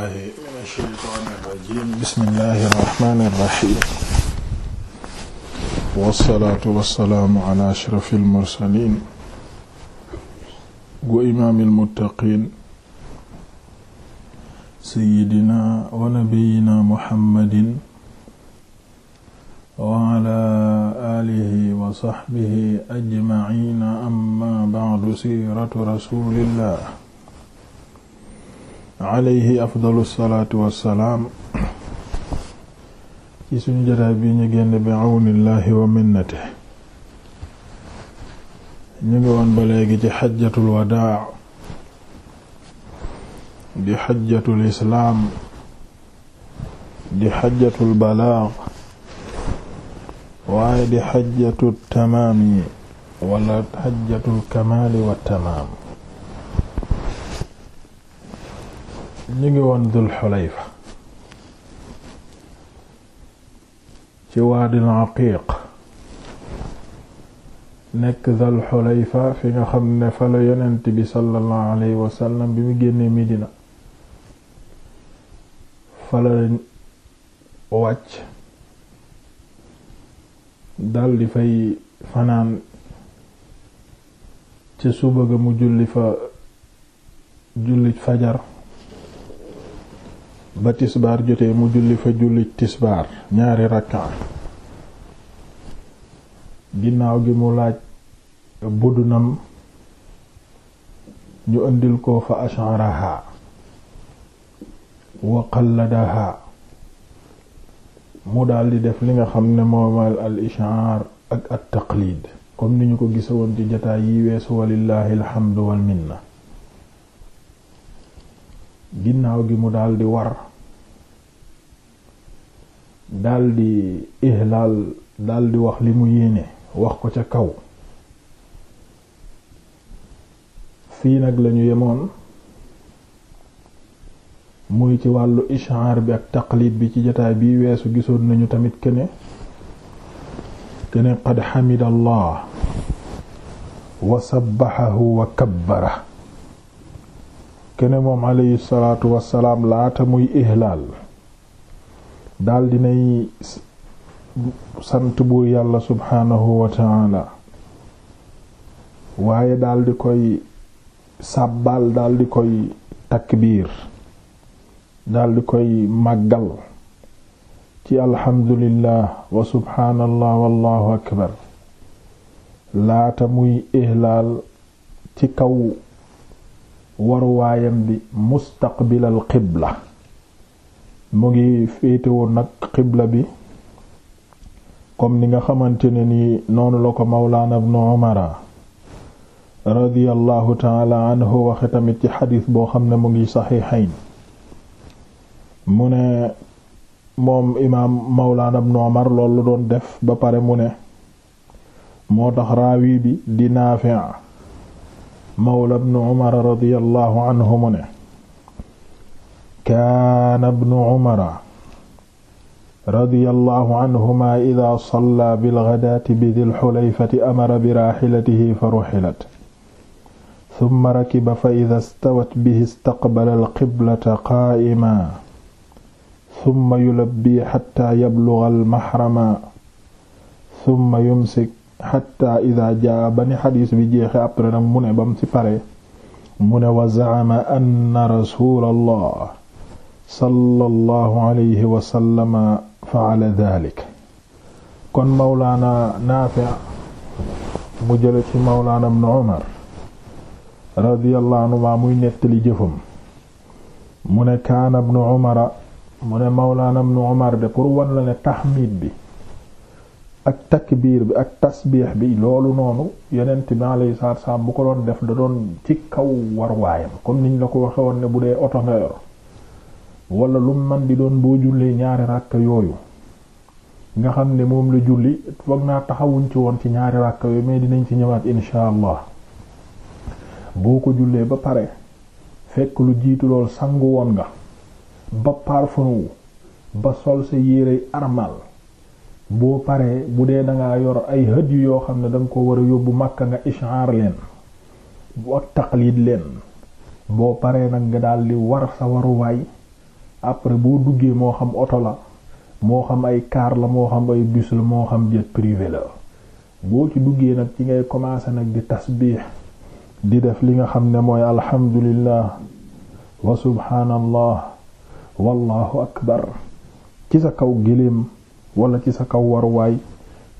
billahi min ashaytaani irrajim bismillahi irrahmani irrahim wassalaatu wassalaamu ala ashrafi almursalin gu imaami almuttaqiin sayidina wa nabiyina muhammadin wa ala alihi wa saxbihi ajmaciina amma bacdu siiratu rasulillah alayhi afdalu salaatu salaam ci suñu jataay bi ñu génn bi àwnillaahi wa minnate ñu ngi woon ba léegi ci xajjatul wadaa di xajjatul islaam di xajjatul balaag waaye di xajjatul tamaami wala xajjatul kamaali wa tamaam ñu ngi woon dul xulayfa ci waadil aqiiq nekk dul xulayfa fi nga xam ne fa la yonent bi sallallahu alayhi bi mu génnee Medina fa la wàcc daldi fay fanaan ci suba ga mu julli fa julli fajar ba tisbaar jotee mu julli fa julli tisbaar ñaari rakka ginnaaw gi mu laaj budunam ñu indil ko fa asharaha wa qalladaha mu daldi def li nga xam ne moomal al ishaar ak at taqlid comme ni ñu ko gisawoon ci jataay yi weesu walillahi alhamdu wal minna ginnaaw gi mu daldi war daldi ihlaal daldi wax li mu yéene wax ko ca kaw fii nag lañu yemoon muy ci wàllu ishaar bi ak taqlid bi ci jotaay bi weesu gisoon nañu tamit kene kene qad xamida allah wa sabbaxahu wa kabbara kene moom alayhi salaatu wassalaam laata muy ihlaal daal dinay sant buur yàlla subhaanahu wa ta'ala waaye daldi koy sàbbaal daldi koy takbiir daal di koy màggal ci alhamdulillah wa subhaanallah wallahu akbar laata muy ihlaal ci kaw waruwaayam bi mustaqbilal qibla mu ngi féetewoon nag qibla bi comme ni nga xamante ne nii noonu la ko mawlaana ibn umara radiyallahu taala anhu waxe tamit ci xadis boo xam ne mu ngi saxiixayn mu ne moom imaam mawlaana ibn umar loolu doon def ba pare mu ne moo tax raawi bi di naafi' mawla ibn umar radiyallahu anhu mu ne kaana ibn umar radiyallahu anhuma idaa sallaa bilghadaati bidil hulayfati amara biraaxilatihi faruxilat summa rakiba fa idaa stawat bihi istaqbala alqiblata qaa'iman summa yulabbii xattaa yablugha almahrama summa yumsik xatta ida jaa ba ni bi jeexe après nag mu ne bam ci pare mu ne wa zaama anna rasuulallah alayhi wa sallama fa'ala dhalik kon mawlaana naafi mu jële ci mawlaana ibn umar radiyallahu anhuma muy nettali jëfam mu ne kaana ibn umar mu ne mawlaana ibn de pour wan la ne bi ak takbiir bi ak tasbiix bi loolu noonu yonent bi alayhi salaatu salaam bu ko doon def da doon ci kaw war waayam comme niñ la ko waxe woon ne bu dee oto nga yor wala lu man di doon boo jullee ñaari ràkk yooyu nga xam ne moom la julli foog naa taxawuñ ci woon ci ñaari ràkk yooyu mais dinañ ci ñëwaat insha allah boo ko jullee ba pare fekk lu jiitu lool sangu woon nga ba parfum ba sol sa yérey armal boo paree bu dee dangaa yor ay hëdd yu yoo xam ne danga ko war a yóbbu Makka nga ishaar leen bu ak taqlid leen boo paree nag nga di war sa waruwaay après boo duggee moo xam oto la moo xam ay car la moo xam ay bus la moo xam jet privé la boo ci duggee nag ci ngay commencer nag di tasbiix di def li nga xam ne mooy alhamdulillah wa subhaanallah wallahu akbar ci sa kaw géléem wala ci sa kaw waruwaay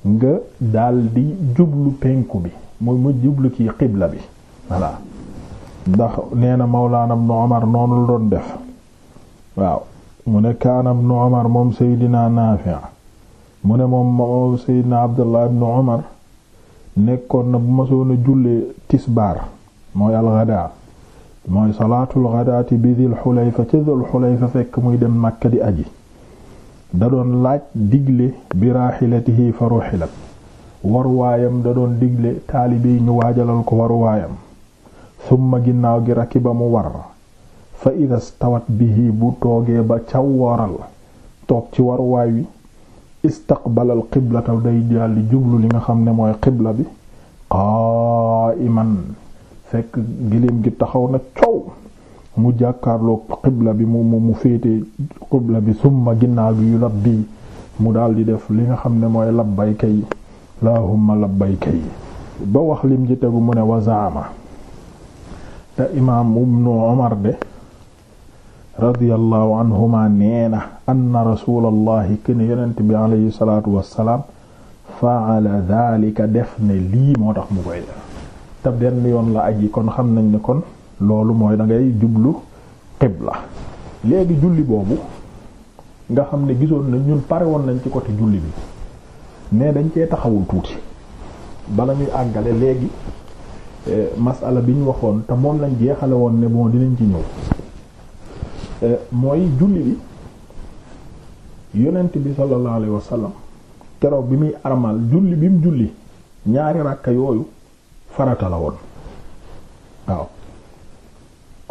nga daldi jublu penku bi mooy mu jublu ci xibla bi voilà ndax nee na Mawlaana Ibnu Umar noonu la doon def waaw mu ne kaana Ibnu Umar moom Seydina Naafi' mu ne moom Seydina Abdullah Ibnu Umar nekkoon na bu ma soona jullee tisbaar mooy alxadaa mooy salaatul xadaati bi Dul Xulayfa ca Dul Xulayfa fekk muy dem Makka di aji da doon laaj digle bi raxilatihi fa ruxilat waruwaayam da doon digle taalibi ñu waajalal ko waruwaayam summa ginnaaw gi ba mu war fa ida stawat bihi bu toogee ba caw waral toog ci waruwaay wi istaqbalal qiblata day jàlli jublu li nga xam ne mooy qibla bi qaa'iman fekk giléem gi taxaw na coow mu jàkkaarloo xibla bi mu mu féete xibla bi summa ginnaaw bi yu labbi mu daal di def li nga xam ne mooy labbayka yi lahumma labbayka yi ba wax lim ci tegu mu ne wazaama te imaam ibnu Umar de radiyallahu anhuma nee na anna rasulallahi kene yonent bi alayhi salaatu wassalaam faala def ne lii moo tax mu koy te benn yoon la aji kon xam nañ ne kon loolu mooy dangay jublu jublu la léegi julli boobu nga xam ne gisoon nañ ñun pare woon nañ ci côté julli bi mais dañ cee taxawul tuuti bala ñuy àggale léegi eh, masala bi ñu waxoon te moom lañ jeexale woon ne moo dinañ ci ñëw eh, mooy julli bi yonent bi sallallahu alayhi wa sallam keroog bi muy armal julli bi mu julli ñaari ràkka yooyu farata la woon waaw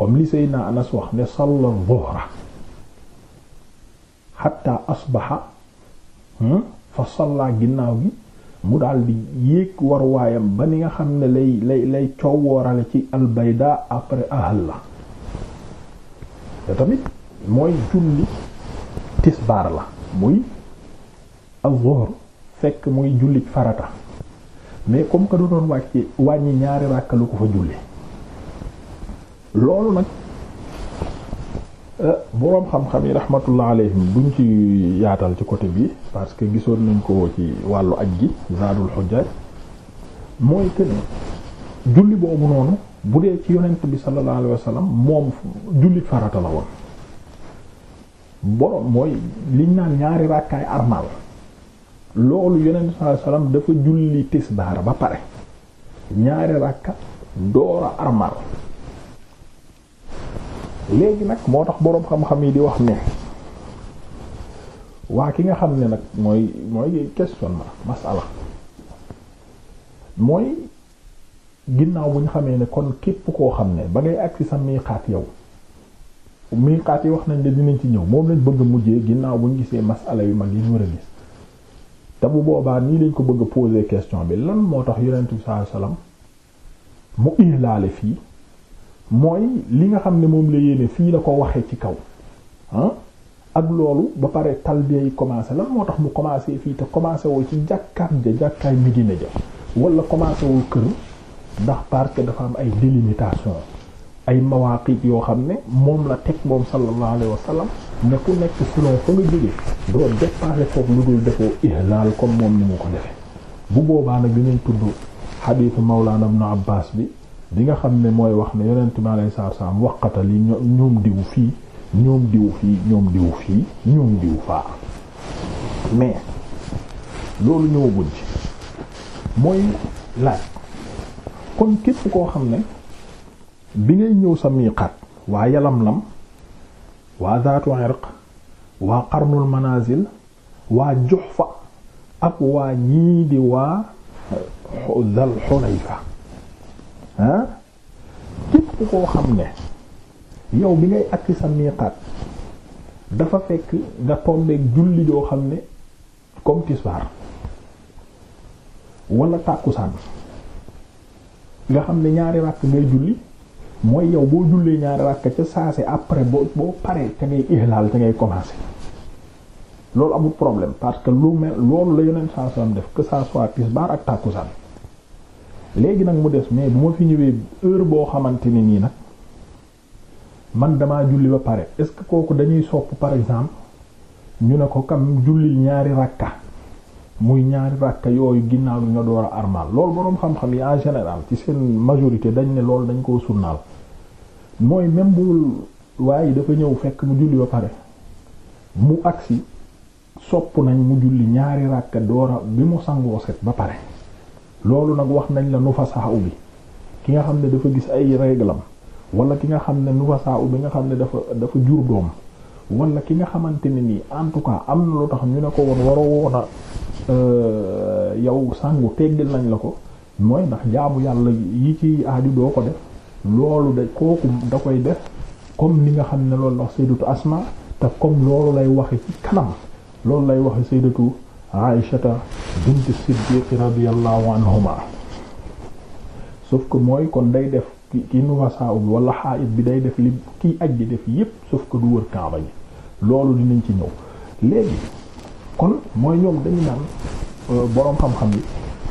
comme li Seydina Anas wax ne salla dhuhra xatta asbaxa hmm, fa salla ginnaaw gi mu daal di yéeg war ba ni nga xam ne lay lay coow coowoorale ci albayda après ahal la te tamit mooy julli tisbaar la muy az-zuhr fekk muy julli farata mais comme que du doon wàcc wàññi ñaari ràkk lu ko fa julli loolu nag eh, boroom xam-xam yi rahmatullah alayhim duñ ci yaatal ci côté bi parce que gisoon nañ ko ci wàllu aj gi zaadul xujjaaj mooy que julli boobu noonu bu dee ci yonent bi sallallahu alayhi wa sallam moom julli farata la woon boroom mooy liñ naan ñaari ràkkaay armal loolu yonent bi sallallahu alayhi dafa julli tisbaar ba pare ñaari ràkka doora armal léegi nag moo tax boroom xam-xam yi di wax ne waa ki nga xam ne nag mooy mooy questionnement masala mooy ginnaaw bu ñu xamee ne kon képp koo xam ne ba ngay agsi sa miiqaat yow miiqaat yi wax nañ ne dinañ ci ñëw moom lañ bëgg mujjee ginnaaw bu ñu gisee masala yu mag yi ñu war a gis te bu boobaa nii lañ ko bëgg a question bi lan moo tax yonent sa sallallahu alayhi wasallam mu ilaale fii mooy li nga xam ne moom la yéene fii la ko waxee ci kaw ah ak loolu ba pare talbiya yi commencé lan moo tax mu commencé fii te commencé wul ci jàkkaat ja jàkkaay Medina ja wala commencé wul kër ndax parce que dafa am ay délimitation ay mawaqit yoo xam ne moom la teg moom sallallahu alayhi wa sallam ne ku nekk selon fa nga jógee doo dépassé foofu lu dul defoo ihlal comme moom ni mu ko defee bu boobaa nag dinañ tudd xadiisu Mawlana Ibn Abbas bi bi nga xam ne mooy wax na yonent mi alayhi salaatu salaam waqata li ñoom diw fii ñoom diw fii ñoom diw fii ñoom diw faa mais loolu ñëwaguñ ci mooy laaj kon képp koo xam ne bi ngay ñëw sa miiqaat waa yalamlam waa zaatu irq waa qarnul manazil waa fa ak waa ñii di waa dal xulayfa ah képp koo xam ne yow bi ngay agsi sa miqaat dafa fekk nga tombeek julli doo xam ne comme tisbaar wala tàkkusaan nga xam ne ñaari ràkk ngay julli mooy yow boo jullee ñaari ràkk ca saase après boo boo paree te ngay ihlaal te ngay commencer loolu amul problème parce que lu mel loolu la yeneen saa soo am def que ça soit tisbaar ak tàkkusaan léegi nag mu des mais bu ma fi ñëwee heure boo xamante ne nii nag man damaa julli ba pare est-ce que kooku dañuy sopp par exemple ñu ne ko kam jullil ñaari rakka muy ñaari rakka yooyu ginnaaw bi nga door a armal loolu boroom xam-xam yi en général ci seen majorité dañ ne loolu dañ koo sunnaal mooy même bu waaye dafa ñëw fekk mu julli ba pare mu agsi sopp nañ mu julli ñaari rakka doora bi mu sangoo set ba pare loolu nag wax nañ la nu fa saaw bi ki nga xam ne dafa gis ay réglam wala ki nga xam ne nu fa saaw bi nga xam ne dafa dafa jur doom wala ki nga xamante ne nii en tout cas am na lu tax ñu ne ko woon waroo woon a euh, yow sangu teggal nañ la ko mooy ndax jaamu yàlla yi ci aadi doo ko def loolu da kooku da koy def comme li nga xam ne loolu ndax sayyidatu Asma te comme loolu lay waxe ci kanam loolu lay waxe sayyidatu aïshata bint siddiq radiallahu anhuma sauf ko mooy kon day def ki ki bi wala xaayit bi day def li kiy aj di def yépp sauf que du wër kaaba gi loolu dinañ ci ñëw léegi kon mooy ñoom dañu naan euh, boroom xam-xam yi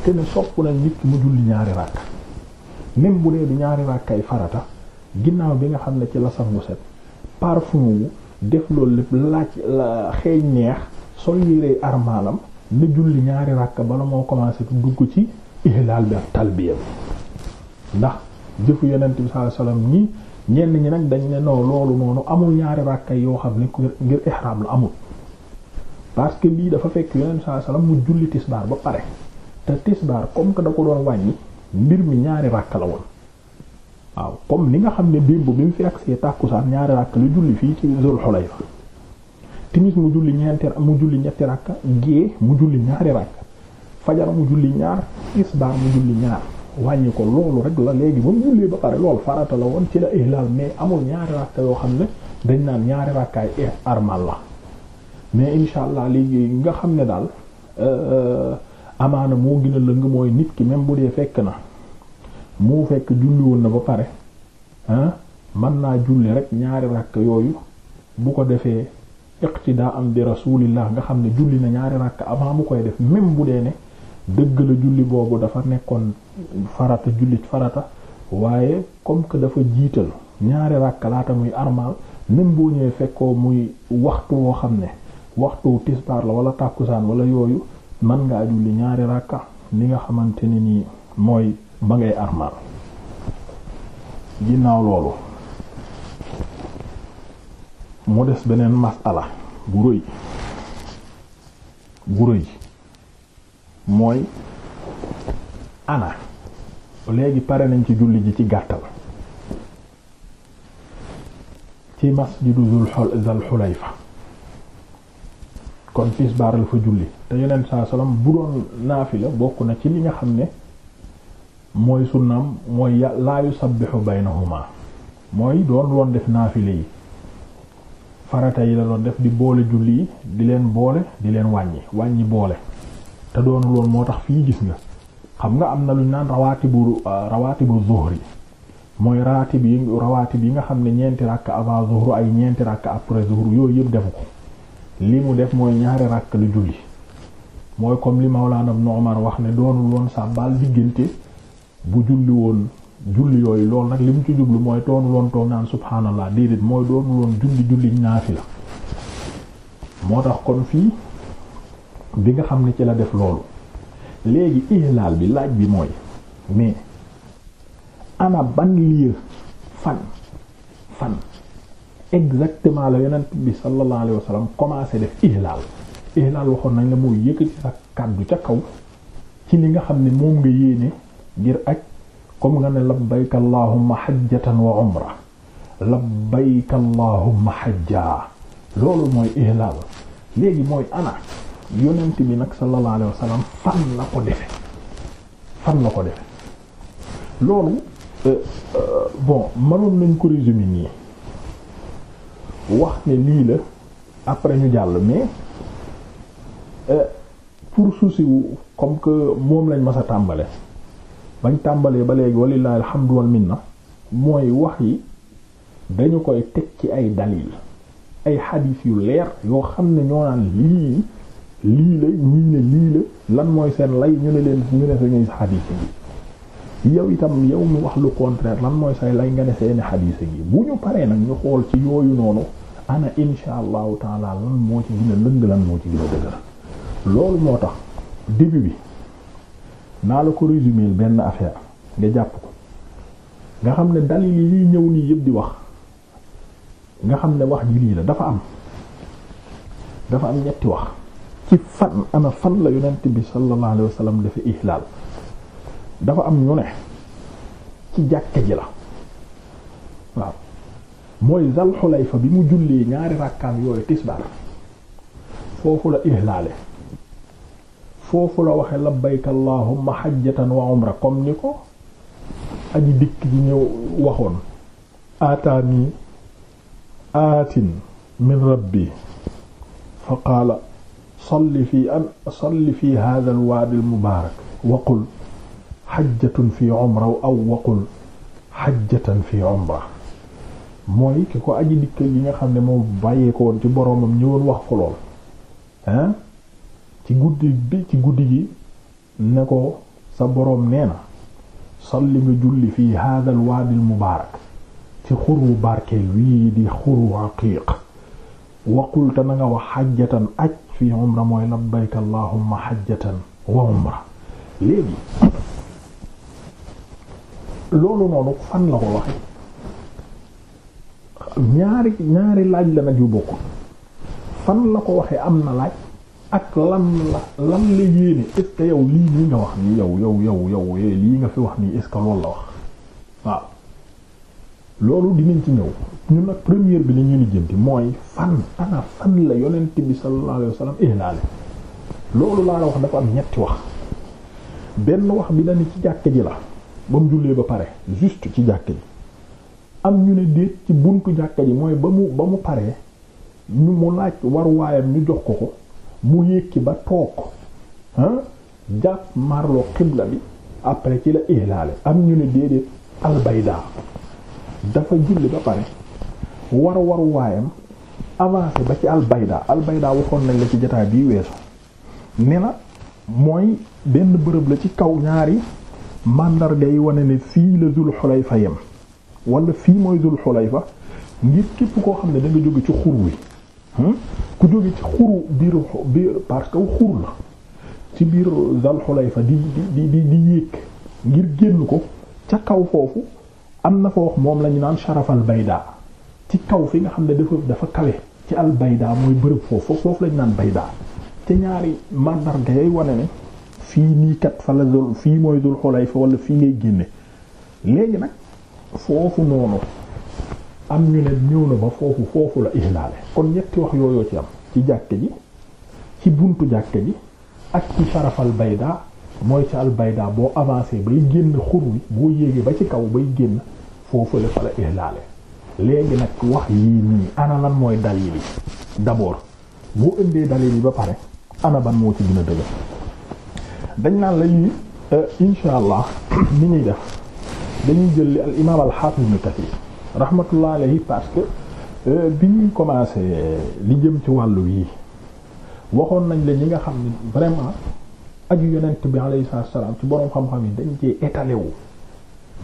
te ne sopp nañ nit ki mu julli ñaari ràkk même bu dee du ñaari ay farata ginnaaw bi nga xam ne ci la sangu set parfum wu def loolu lépp laaj la xeeñ neex sol yérey armaalam na julli ñaari ràkk bala moo commencé dugg ci ihlaal bi ak talbiya bi ndax jëfu yonent bi sallallahu alayhi wasallam ñenn ñi nag dañ ne non loolu noonu amul ñaari ràkka yoo xam ne ku ngir ihram la amul parce que lii dafa fekk yonent bi sallallahu alayhi wasallam mu julli tisbaar ba pare te tisbaar comme que da ko doon wàññi mbir mi ñaari ràkk la woon waaw comme ni nga xam ne démb bi mu fi ak see tàkkusaan ñaari ràkk lu julli fii ci Zul Hulayfa timis mu julli mu julli ñetti rakka gée mu julli ñaari rakka fajar mu julli ñaar isbaar mu julli ñaar wàññi ko loolu rek la léegi ba mu jullee ba pare loolu farata la woon ci la ihlal mais amul ñaari rakka yoo xam ne dañ naan ñaari rakkaay armal la mais insha allah léegi nga xam ne daal euh, euh, amaana moo gën a lëng mooy nit ki même bu dee fekk na mu fekk julli woon na ba pare ah mën naa julli rek ñaari rakk yooyu bu ko defee iqtidaa am bi rasulillah nga xam ne julli na ñaari ràkk avant mu koy def même bu dee ne dëgg la julli boobu dafa nekkoon farata jullit farata waaye comme que dafa jiital ñaari ràkk laata muy armal même boo ñëwee fekkoo muy waxtu woo xam ne waxtu tisbaar la wala tàkkusaan wala yooyu man ngaa julli ñaari ràkka li nga xamante ne nii mooy ba ngay armal ginnaaw loolu mu des beneen masala bu rëy bu rëy mooy ana léegi pare nañ ci julli ji ci gàttal ci masjidu zul zal xulayfa kon tisbaar la fa julli te yonent saa salaam bu doon naafila bokk na ci li nga xam ne mooy sunnaam mooy laayu sabbixu baynahuma mooy doon loon def naafile yi farata yi la doon def di boole julli yi di leen boole di leen wàññi wàññi boole te doonul moo tax fii gis nga xam nga am na lu ñu naan rawaatibu euh, rawaatibu zuhri mooy rawaatib yi rawaatib yi nga xam ne ñeenti ràkk avant zuhru ay ñeenti ràkk après zuhru yooyu yëpp defu ko li mu def mooy ñaari ràkk lu julli mooy comme li Mawlaana Ibn Umar wax ne doonul woon sa bal diggante bu julli woon julli yooyu loolu nag li mu ci jublu mooy toonu loon toog naan subhaanallah déedéet mooy doonu loon julli julli naafila moo tax kon fii bi nga xam ne ci la def loolu léegi ihlaal bi laaj bi mooy mais ana ban lieu fan fan exactement la yonent bi sallallahu alayhi commencé def ihlaal ihlaal nañ la mooy sa kàddu ca kaw ci li nga xam ne moom nga yéene ngir ak comme nga ne labbayka allahumma hajjatan wa umra labbayka allahumma hajja loolu mooy ihlaal léegi mooy ana yonent bi nag sallallahu alayhi wa fan la ko defe fan la ko defe loolu euh, euh, bon mënoon nañ ko résumer nii wax ne lii la après ñu jàll mais euh, pour souci wu comme que moom lañ mas a tàmbale bañ tàmbalee ba léegi walillahi alhamdu wal minna mooy wax yi dañu koy teg ci ay dalil ay xadiis yu leer yoo xam ne ñoo naan lii lii la ñii ne lii la lan mooy seen lay ñu ne leen ñu ne sañuy xadiis yi yow itam yow mi wax lu contraire lan mooy say lay nga ne seeni xadiis yi bu ñu paree nag ñu xool ci yooyu noonu ana insha allahu taala lan moo ci gën lëng lan moo ci gën dëgër loolu moo tax début bi naa la ko résumer benn affaire nga jàpp ko nga xam ne dalil yi ñëw lii yëpp di wax nga xam ne wax ji lii la dafa am dafa am ñetti wax ci fan ana fan la yonent bi sallallahu alayhi wa sallam dafa ihlaal dafa am ñu ne ci jàkka ji la waaw mooy Zal Xulayfa bi mu jullee ñaari rakkaan yooyu tisbaar foofu la ihlaale foofu la waxe labbayka allahumma hajjatan wa umra comme ni ko aji dikk ji ñëw waxoon aataani aatin min rabbi fa qaala salli fi an salli fi hadha alwaadi almubaarak wa qul hajjatun fi umra aw wa qul hajjatan fi umra mooy ki ko aji dikk yi nga xam ne moo bàyyeekoon ci boroomam ñëwoon wax ko lool hein ci guddi ci guddi gi ne ko sa boroom nee na salli nga julli fii hadha al waadi al mubaarak ci xuru barkeel wii di xuru aqiiq waqulta na nga wax xajjatan aj fii umra mooy labbayka allahumma xajjatan wa umra léegi loolu noonu fan la ko waxe ñaari ñaari laaj la nag yu bokkul fan la ko waxe am na laaj ak lan la lan la yéene est yow lii nii nga wax nii yow yow yow yow eh, lii nga fi wax nii est ce que loolu la wax waaw loolu dinañ ci ñëw ñun nag première bi la ñuy lijjanti mooy fan ana fan la yonent bi sallallahu alayhi wasallam ihlaale loolu laa la wax dafa am ñetti wax benn wax bi la ni ci jàkk ji la ba mu jullee ba pare juste ci jàkk ji am ñu ne déet ci bunt jàkk ji mooy ba mu ba mu pare ñu mu laaj war waayam ñu jox ko ko mu yékki ba toog ah jàpp marlo xibla bi après ci la ihlaale am ñu ne déedéet albayda dafa julli ba pare war war waayam avance ba ci albayda albayda waxoon nañ la ci jotaay bii weesu ne na mooy benn bërëb la ci kaw ñaari màndarga yi wane ne fii la zul xulayfa yem wala fii mooy zul xulayfa ngir képp koo xam ne da nga jóge ci xur wi Hmm? ku jóge ci xuru biir parce que xur la ci biir Zal fa di di di di yéeg ngir génn ko ca kaw foofu am na fa wax moom lañu naan sharafal bayda ci kaw fi nga xam ne dafa dafa kawe ci al bayda mooy bërëb foofu foofu lañu naan bayda te ñaari màndarga yay wane ne fii nii kat fa la dul fii mooy Dul Xulayfa wala fii ngay génne léegi nag foofu noonu am ñu ne ñëw na ba foofu foofu la ihlaale kon ñetti wax yooyoo ci am ci jàkke ji ci buntu jàkke ji ak ci sharafal bayda mooy ci al bayda boo avancé bay génn xur wi boo yéegee ba ci kaw bay génn foofu la fa la ihlaale léegi nag wax yii nii ana lan mooy dalil yi d'abord boo indee dalil yi ba pare ana ban moo ci gën a dëgër dañ naan la lii euh, insha allah ni ñuy def dañuy jël li al imaam al hafiz ibn kathir rahmatullah alayhi parce que euh, bi ñuy commencé li jëm ci wàllu yi waxoon nañ la ñi nga xam ne vraiment aju yonent bi alayhi salaam ci boroom xam-xam yi dañ cee étalé wu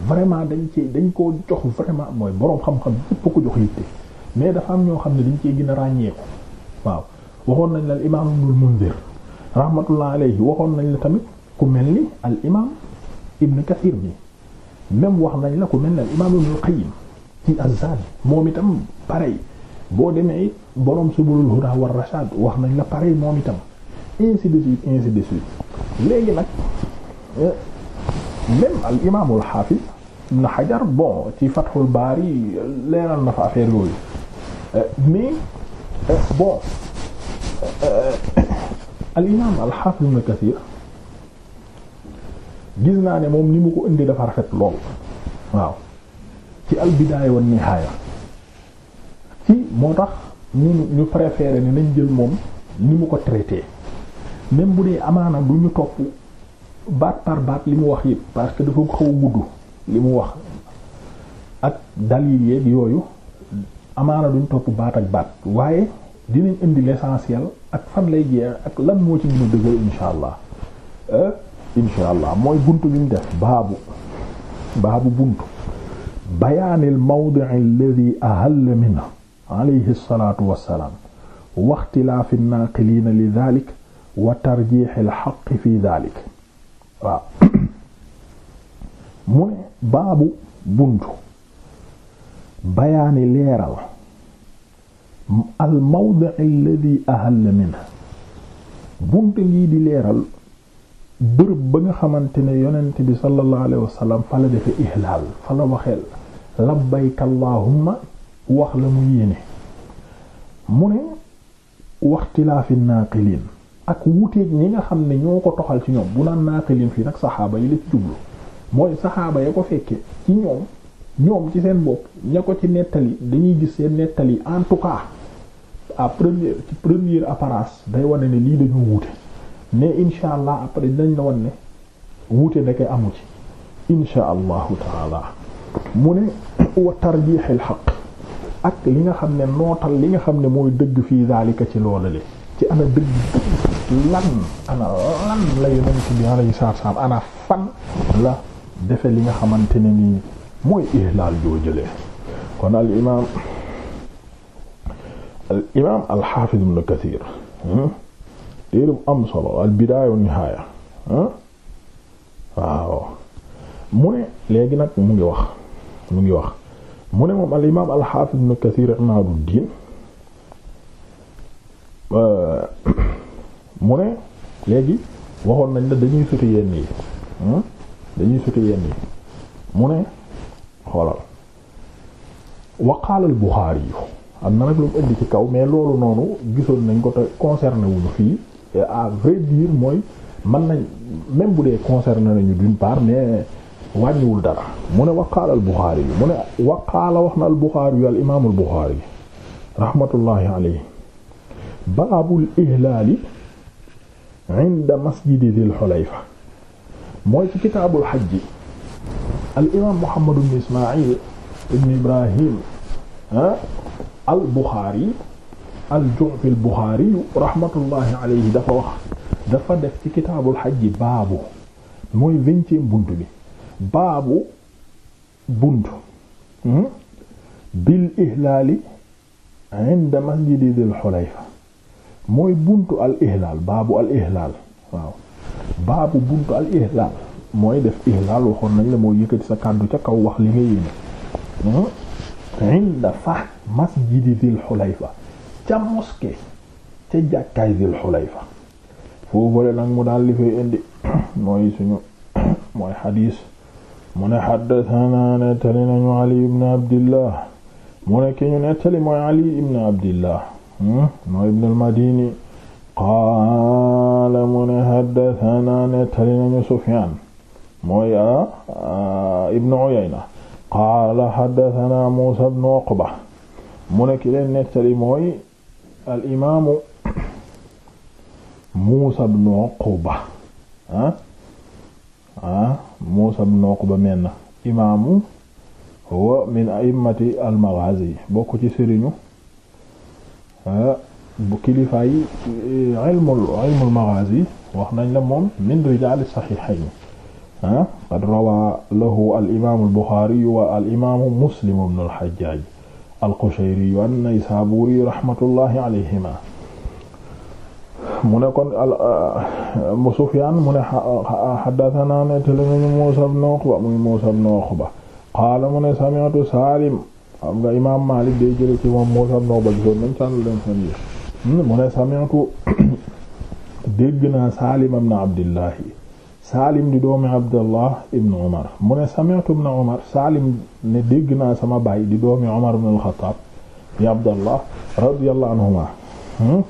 vraiment dañ ci dañ koo jox vraiment mooy boroom xam-xam yëpp ko mais dafa am ñoo xam ne dañ cee gën a ràññeeku waaw waxoon nañ la al imaam ibnul mundir rahmatullah alayhi waxoon nañ la tamit ku mel ni al imaam ibn kathir bi même wax nañ la ku mel ni al imaam ibnul qayyim ci azad moom itam pareil boo demee borom subulul huda war rashad wax nañ la pareil moom itam ainsi de suite ainsi de suite léegi nag euh, même al imaamul hafiz ibn hajar bon ci fathul baari leeral na fa affaire yooyu euh, mais euh, bon al imaam al hafiz ibn kathir gis naa ne moom ni mu ko indi dafa rafet lool waaw ci al bidaaya wan nihaaya ci moo tax ñun ñu préféré ne nañ jël moom ni mu ko traité même bu dee amaana du ñu topp baat par baat li mu wax yëpp parce que dafa xaw a gudd li mu wax ak dalil yeeg yooyu amaana duñ topp baat ak baat waaye dinañ indi l'essentiel ak fan lay jeex ak lan moo ci gën a dëgër insha allah euh, insha allah mooy bunt bi mu def baabu baabu bunt bayaanil mawdi alladi ahalla minhu alayhi salaatu wassalaam waxtilaafi naaqiliina li daalik wa tarjiixil xaq fi daalik waaw mu ne baabu buntu bayaani leeral al mawdi alladi ahalla minhu buntu lii di leeral bërëb ba nga xamante ne yonent bi sallallahu alayhi wa sallam fa la defee ihlaal fa la waxeel labbayka allahumma wax la mu yéene mu ne waxtilaafi naaqiliin ak wuteeg ñi nga xam ne ñoo ko toxal ci ñoom bu naan naaqiliin fii nag saxaaba yi la ci jublu mooy saxaaba ya ko fekkee ci ñoom ñoom ci seen bopp ña ko ci nettali dañuy gis seen nettali en tout cas à première première apparence day wane ne lii dañoo wuute mais incha allah après dañ la wan ne wuute da koy amu ci incha allahu taala mu ne wa tarjiixil xaq ak li nga xam ne nootal li nga xam ne mooy dëgg fii daalika ci loola le ci ana dëgg lan ana lan la yonent bi alayhi salaam ana fan la defe li nga xamante ne nii mooy ihlaal joo jëlee kon al imaam al imaam al xaafiz ibn Kasiir hmm, téeram am solo al bidaaya wa nihaaya hmm, waaw mu ne léegi nag mu ngi wax mu ngi wax mu ne moom al imaam al xaafiz ibn Kasiir Imaaduddin euh, mu ne léegi waxoon nañ la dañuy suti yenn yi hmm? dañuy suti yenn yi mu ne xoolal wa qaala al Buxaari yu am na nag lu mu ci kaw mais loolu noonu gisoon nañ ko te concerné wuñu fii à vrai dire mooy man nañ même bu dee concerné nañu d'une part mais wàññiwul dara mu ne waqaala al mu ne waqaala wax na al Buxaari yu al imaamul Buxaari yi rahmatullahi alayhi baabul ihlaali inda masjidi dil xulayfa mooy ci kitaabul xajji al imaam Muhammad ibn Ismaa'il ah, dafa wax dafa def ci kitaabul xajji baabu mooy vingtième bi. baabu bunt hmm? bil ihlaali inda masjidi dil xulayfa mooy buntu al ihlaal baabu al ihlaal waaw baabu buntu al ihlaal mooy def ihlaal waxoon nañ la mooy yëkkati sa kàddu ca kaw wax li nga yéene hmm? inda fa masjidi dil xulayfa ca moskee ca jàkkaay dil xulayfa foofu la nag mu daal li fay indi mooy suñu mooy xadiis mu ne xaddatanaa nettali nañu ali ibn abdillah mu ne ki ñu nettali mooy ali ibn abdillah mooy hmm? ibn al-madini qaala mu ne xaddatanaa nettali nañu sufyaan mooy ah, ah, ibn uyayna qaala xaddatanaa muusa ibn uqba mu ne ki leen nettali mooy al imaamu muusa ibn uqba ah ah Muusaa ibn Uqba menn imaamu wa min a'immati al-Maghazi bokk ci sëriñu ah, bu kilifa yi ilmul ilmul Maghazi wax nañ la moom min rijaal as-sahihayn ah, qad rawaa lahu al-imaam al-Bukhari wa al-imaam Muslim ibn al-Hajjaj al-Qushayri an-Naysaburi rahmatullahi alayhima mu ne kon al Sufyaan mu ne haddasanaa nettali nañu Muusaa ibn Uqba muy Muusaa ibn Uqba qaala mu ne sami'tu Saalim xam nga imaam Maalik day jële ci moom Muusaa ibn Uqba gisoon nañ sànn leen fan yi hmm, mu ne sami'tu dégg naa Saalim ibn Abdillahi Saalim di doomi Abdallah ibn Umar mu ne sami'tu ibn Umar Saalim ne dégg naa sama baay di doomi Umar ibn al-Khattab ya Abdallah radiyallahu anhuma hmm?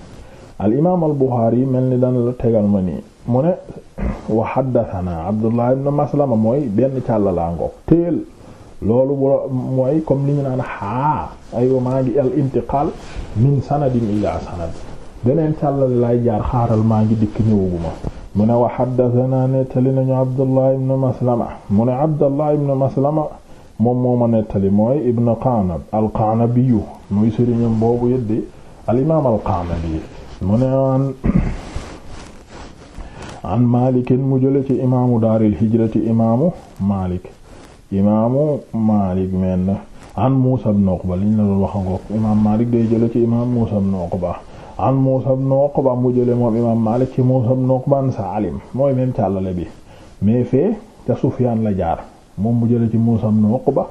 al imaam al Buxaari mel ni dana la tegal ma nii mu ne wa haddathana Abdullah ibn Maslama mooy benn càllalaa ngoog téel loolu bu mooy comme li ñu naan xaa aywa maa ngi al intiqaal min sanadin ila sanad beneen càllale laay jaar xaaral maa ngi dikk ñëwaguma mu ne wa haddathana nettali nañu Abdullah ibn Maslama mu ne Abdullah ibn Maslama moom moo ma nettali mooy ibn Qanab al-Qanabi muy sëriñam boobu yëddi al imaam al-Qanabi mu an an mu jële ci imaamu daaril hijrati imaamu malik imaamu malik men an muusa ibn uqba liñ la doon wax ngoog imaam malik day jële ci imaam muusa ibn uqba an muusa ibn uqba mu jële moom imaam malik ci ibn uqba an saalim mooy même càllale bi mais fee te sufyaan la jaar moom mu jële ci muusa ibn uqba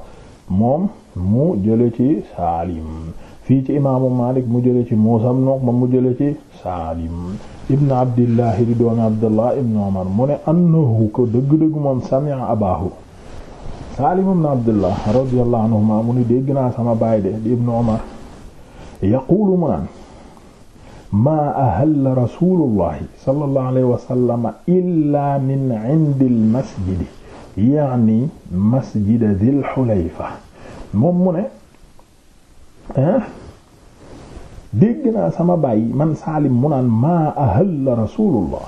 moom mu jële ci saalim fii ci imaamu Malik mu jële ci Muusaa ibn Uqba mu jële ci Saalim ibn Abdillahi di doomi Abdullah ibn Umar mu ne annahu ko dëgg-dëgg moom sami'a abaahu Saalim ibn Abdullah radiyallahu anhuma mu ni dégg naa sama baay de di ibn Umar yaquulu mu naan maa ahalla rasulullahi sallallahu alayhi wa sallam illaa min indil masjidi yaani masjida Dil Hulayfa moom mu ne dégg naa sama bàyyi man Saalim mu naan maa ahalla rasulullah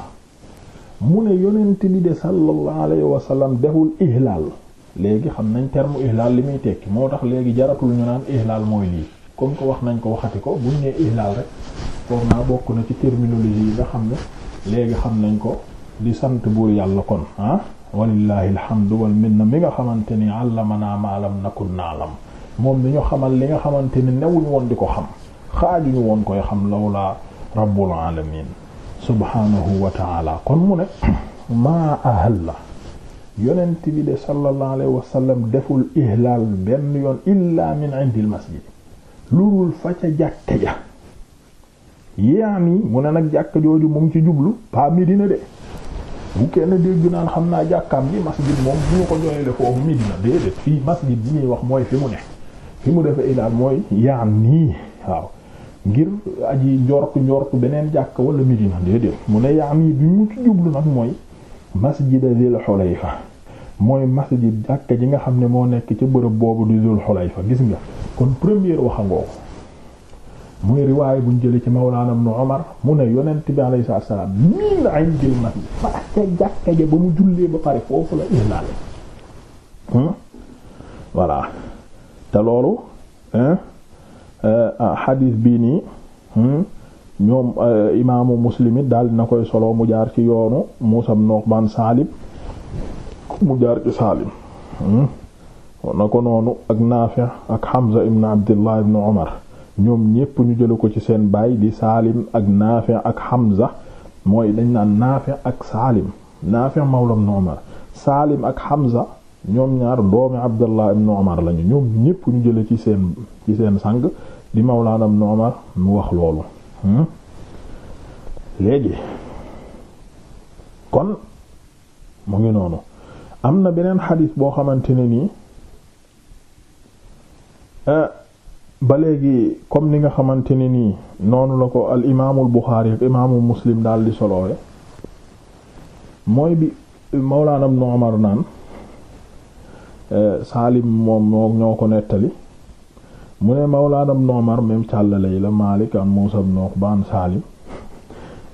mu ne yonent bi de sallallahu alayhi wa sallam deful ihlaal léegi xam nañ terme ihlaal li may tekki moo tax léegi jaratul ñu naan ihlaal mooy lii comme que wax nañ ko waxati ko buñ nee ihlaal rek foog naa bokk na ci terminologie yi nga xam ne léegi xam nañ ko di sant buur yàlla kon ah walillahi alhamdu wal minna mi nga xamante ni àllamanaa maalam nakun naalam moom ni ñu xamal li nga xamante ne newuñu woon di ko xam xaajuñu woon koy xam lawla rabbul alamin subhanahu wa taala kon mu ne maa ahal la yonent bi de sallallahu alayhi wa sallam deful ihlaal benn yoon illa min indil masjid lurul fa ca jàkka ja yaani mu ne nag jàkka jooju mu ngi ci jublu pa Medina de bu kenn dégg naan xam naa jàkkaam ji masjid moom bu ñu ko joxee foofu Medina déedéet fii masjid bi ñuy wax mooy fi mu ne fi mu defee ilaal mooy yaan nii waaw ngir aji njortu njortu beneen jàkk wala Medina déedéet mu ne yaan nii bi mu ci jublu nag mooy masjida Zul Xulayfa mooy masjid jàkk ji nga xam ne moo nekk ca bërëb boobu di Zul Xulayfa gis nga kon première waxangoo ko muy riwaay buñ jëlee ci Mawlaana Ibn Umar mu ne yonent bi alayhi salaam min indil masjid fa ca jàkk ja ba mu jullee ba pare foofu la ilaal hmm? voilà te loolu euh, ah, xadiis bii nii hmm, ñoom euh, imaamu muslim it daal na koy solo mu jaar ci yoonu Muusaa ibn Uqbaan Saalim mu jaar ci Saalim hmm. na ko noonu ak Naafi ak Hamza ibn Abdullah ibn Umar ñoom ñépp ñu jële ko ci seen baay di Saalim ak Naafi ak Hamza mooy dañ naan Naafi ak Saalim Naafi mawla ibn Umar Saalim ak Hamza ñoom ñaar doomi abdallah ibn omar lañu ñoom ñépp ñu jële ci seen ci seen sang di mawlaana ibn omar mu wax loolu hmm? léegi kon mu ngi noonu am na beneen xadis boo xamante ne nii eh, ba léegi comme ni nga xamante ne nii noonu la ko al imaamul buxaari ak imaamul muslim daal di soloowe mooy bi mawlaana ibn omar naan Euh, Salim moom moo ñoo ko nettali mu ne Mawlaana ibn Umar même càllalay la Maalik an Muusaa ibn Uqba an Salim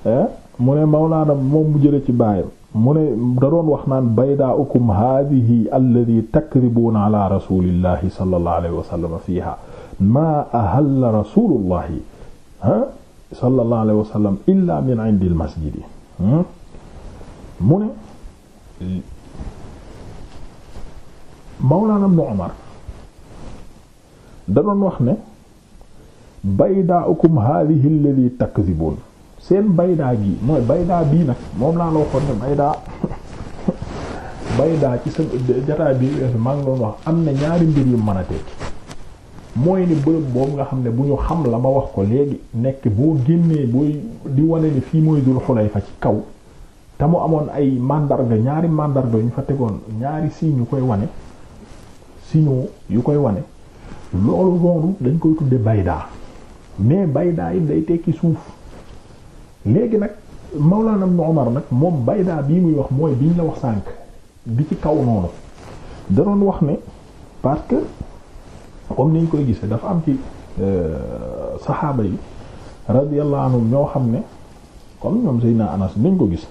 eh, mu ne Mawlaana moom mu jële ci baayam mu ne da doon wax naan baydaa'ukum haadihi allati takribuuna ala rasuulillahi sallallahu alayhi wa sallam fiihaa maa ahalla rasuulullahi eh, sallallahu alayhi wa sallam illaa min indil masjidi hmm? mu ne Mawlana Ibn Umar da wax ne baydaa'ukum haadihi allati takdhibuun seen baydaa gi mooy baydaa bii nag moom laa la waxoon ne baydaa baydaa ci sa jataay bi weesu maa ngi wax am na ñaari mbir yu mën a tekki mooy ni bërëb boobu nga xam ne bu ñu xam la ma wax ko léegi nekk boo génnee booy di wane ni fii mooy Dul fa ci kaw te mu amoon ay màndarga ñaari mandarga yu ñu fa tegoon ñaari signes ñu koy wane signaux yu koy wane loolu noonu dañ koy tudde baydaa mais baydaa it day tekki suuf léegi nag Mawlana Ibn Umar nag moom baydaa bii muy wax mooy biñ la wax sànq bi ci kaw noonu da wax ne parce que comme niñ koy gisee dafa am ci euh, saxaaba yi radiyallahu anhum ñoo xam ne comme ñoom Seydina Anas nañ ko gis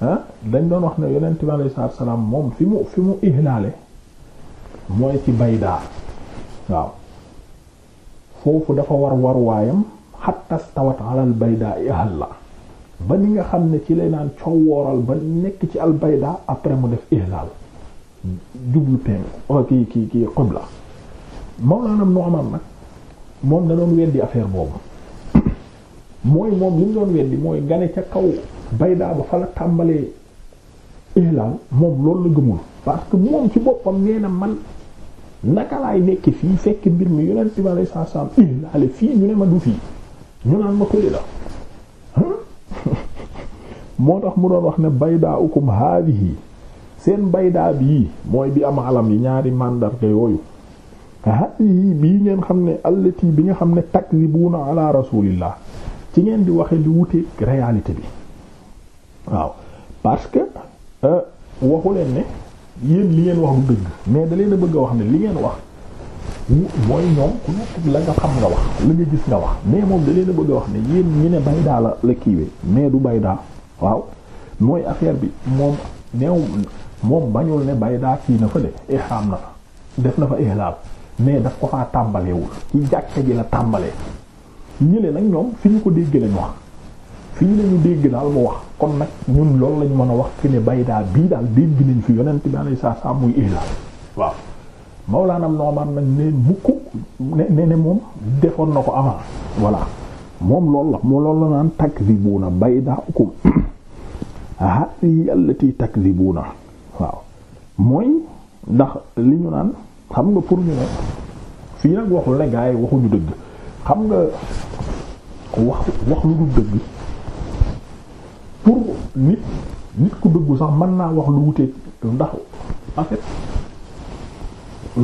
ah dañ doon wax ne yonent bi alayhi salaam moom fi mu fi mu ihlaale mooy ci baydaa waaw foofu dafa war war waayam xatta stawat alal baydaa i ba ni nga xam ne ci lay naan coow wooral ba nekk ci al baydaa après mu def ihlal jublu penku oh, kii kii kii qibla Mawlana Nu'man nag moom da doon weddi affaire boobu mooy moom li mu doon weddi mooy nga ne ca kaw baydaa ba fa la tàmbalee ihlal moom loolu la gëmul parce que moom ci boppam nee na man naka laay nekk fii fekk mbir mi yonent bi alayhi salaam indaale fii ñu ne ma du fii ñu naan ma kële la moo tax mu doon wax ne baydaa ukum haadihi seen baydaa bii mooy bi am alam yi ñaari màndarga yooyu haadihi bii ngeen xam ne allati bi nga xam ne takk takzibuuna ala rasulillah ci ngeen di waxe li wuteeg réalité bi waaw parce que euh, waxu leen ne yéen li ngeen wax du dëgg mais da leen a bëgg a wax ne li ngeen wax mooy ñoom ku nekk la nga xam nga wax la nga gis nga wax mais moom da leen a bëgg a wax ne yéen ñu ne baydaa la la kiiwee mais du baydaa waaw mooy affaire bi moom neew moom bañul ne baydaa kii na fa de ihram na fa def na fa ihlaal mais daf ko faa tàmbalewul ci jàkka ji la tàmbalee ñële nag ñoom fi ñu ko dégg lañ wax fii la ñu dégg daal mu wax kon nag ñun loolu lañ mën a wax ki ne baydaa bii daal dégg nañ fi yonent bi alayhi salaam muy ihlal waaw mawlaanam noomaan nag neen mukk ne ne moom defoon na ko avant voilà moom loolu la moo loolu la naan takdibuuna baydaa ukum hadihi takk takdibuuna waaw mooy ndax li ñu naan xam nga pour ñu ne fii nag waxul ne gaa yi waxuñu dëgg xam nga wax wax lu du dëgg pour nit nit ku dugg sax mën naa wax lu wuteeg ndax en fait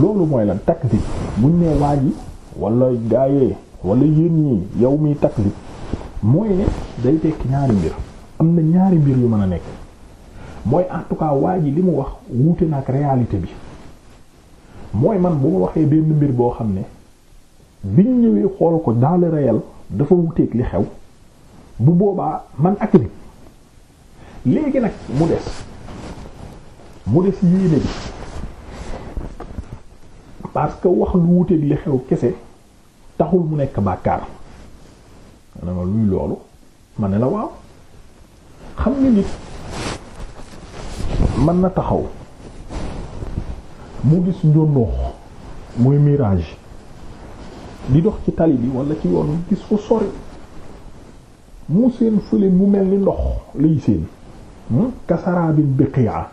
loolu mooy lan takzib buñ nee waa ji wala gaayee wala yéen ñii yow miy takzib mooy ne day tekki ñaari mbir am na ñaari mbir yu mën a nekk mooy en tout cas waa li mu wax wuute na ak réalité bi mooy man bu ma waxee benn mbir boo xam ne biñ ñëwee xool ko dans le réel dafa wuuteeg li xew bu boobaa man ak léegi nag mu des mu des yéene bi parce que wax lu wuteeg li xew kese taxul mu nekk bàkkaar ma ne ma luy loolu ma ne la waaw xam nga nit mën na taxaw mu gis njonnoox muy mirage di dox ci tali bi wala ci yoon gis fu sori mu seen fële mu mel ni ndox lay seen kasaraabin biqi'a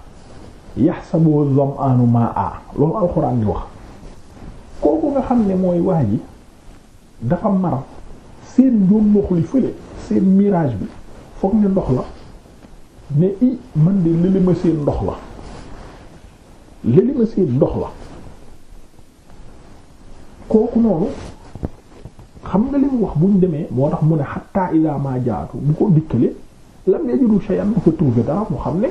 yaxsabuhu zam'aanu maa'a loolu alxuraan di wax kooku nga xam ne mooy wax ji dafa maram seen njoom li fële seen mirage bi foog ne ndox la ne i man de lëli seen ndox la lëli ma seen ndox la kooku noonu xam nga li mu wax buñ demee moo tax mu ne xatta idaa ma jaatu bu ko dikkale lam yajidu shay'an mu fa trouvé dara mu xam ne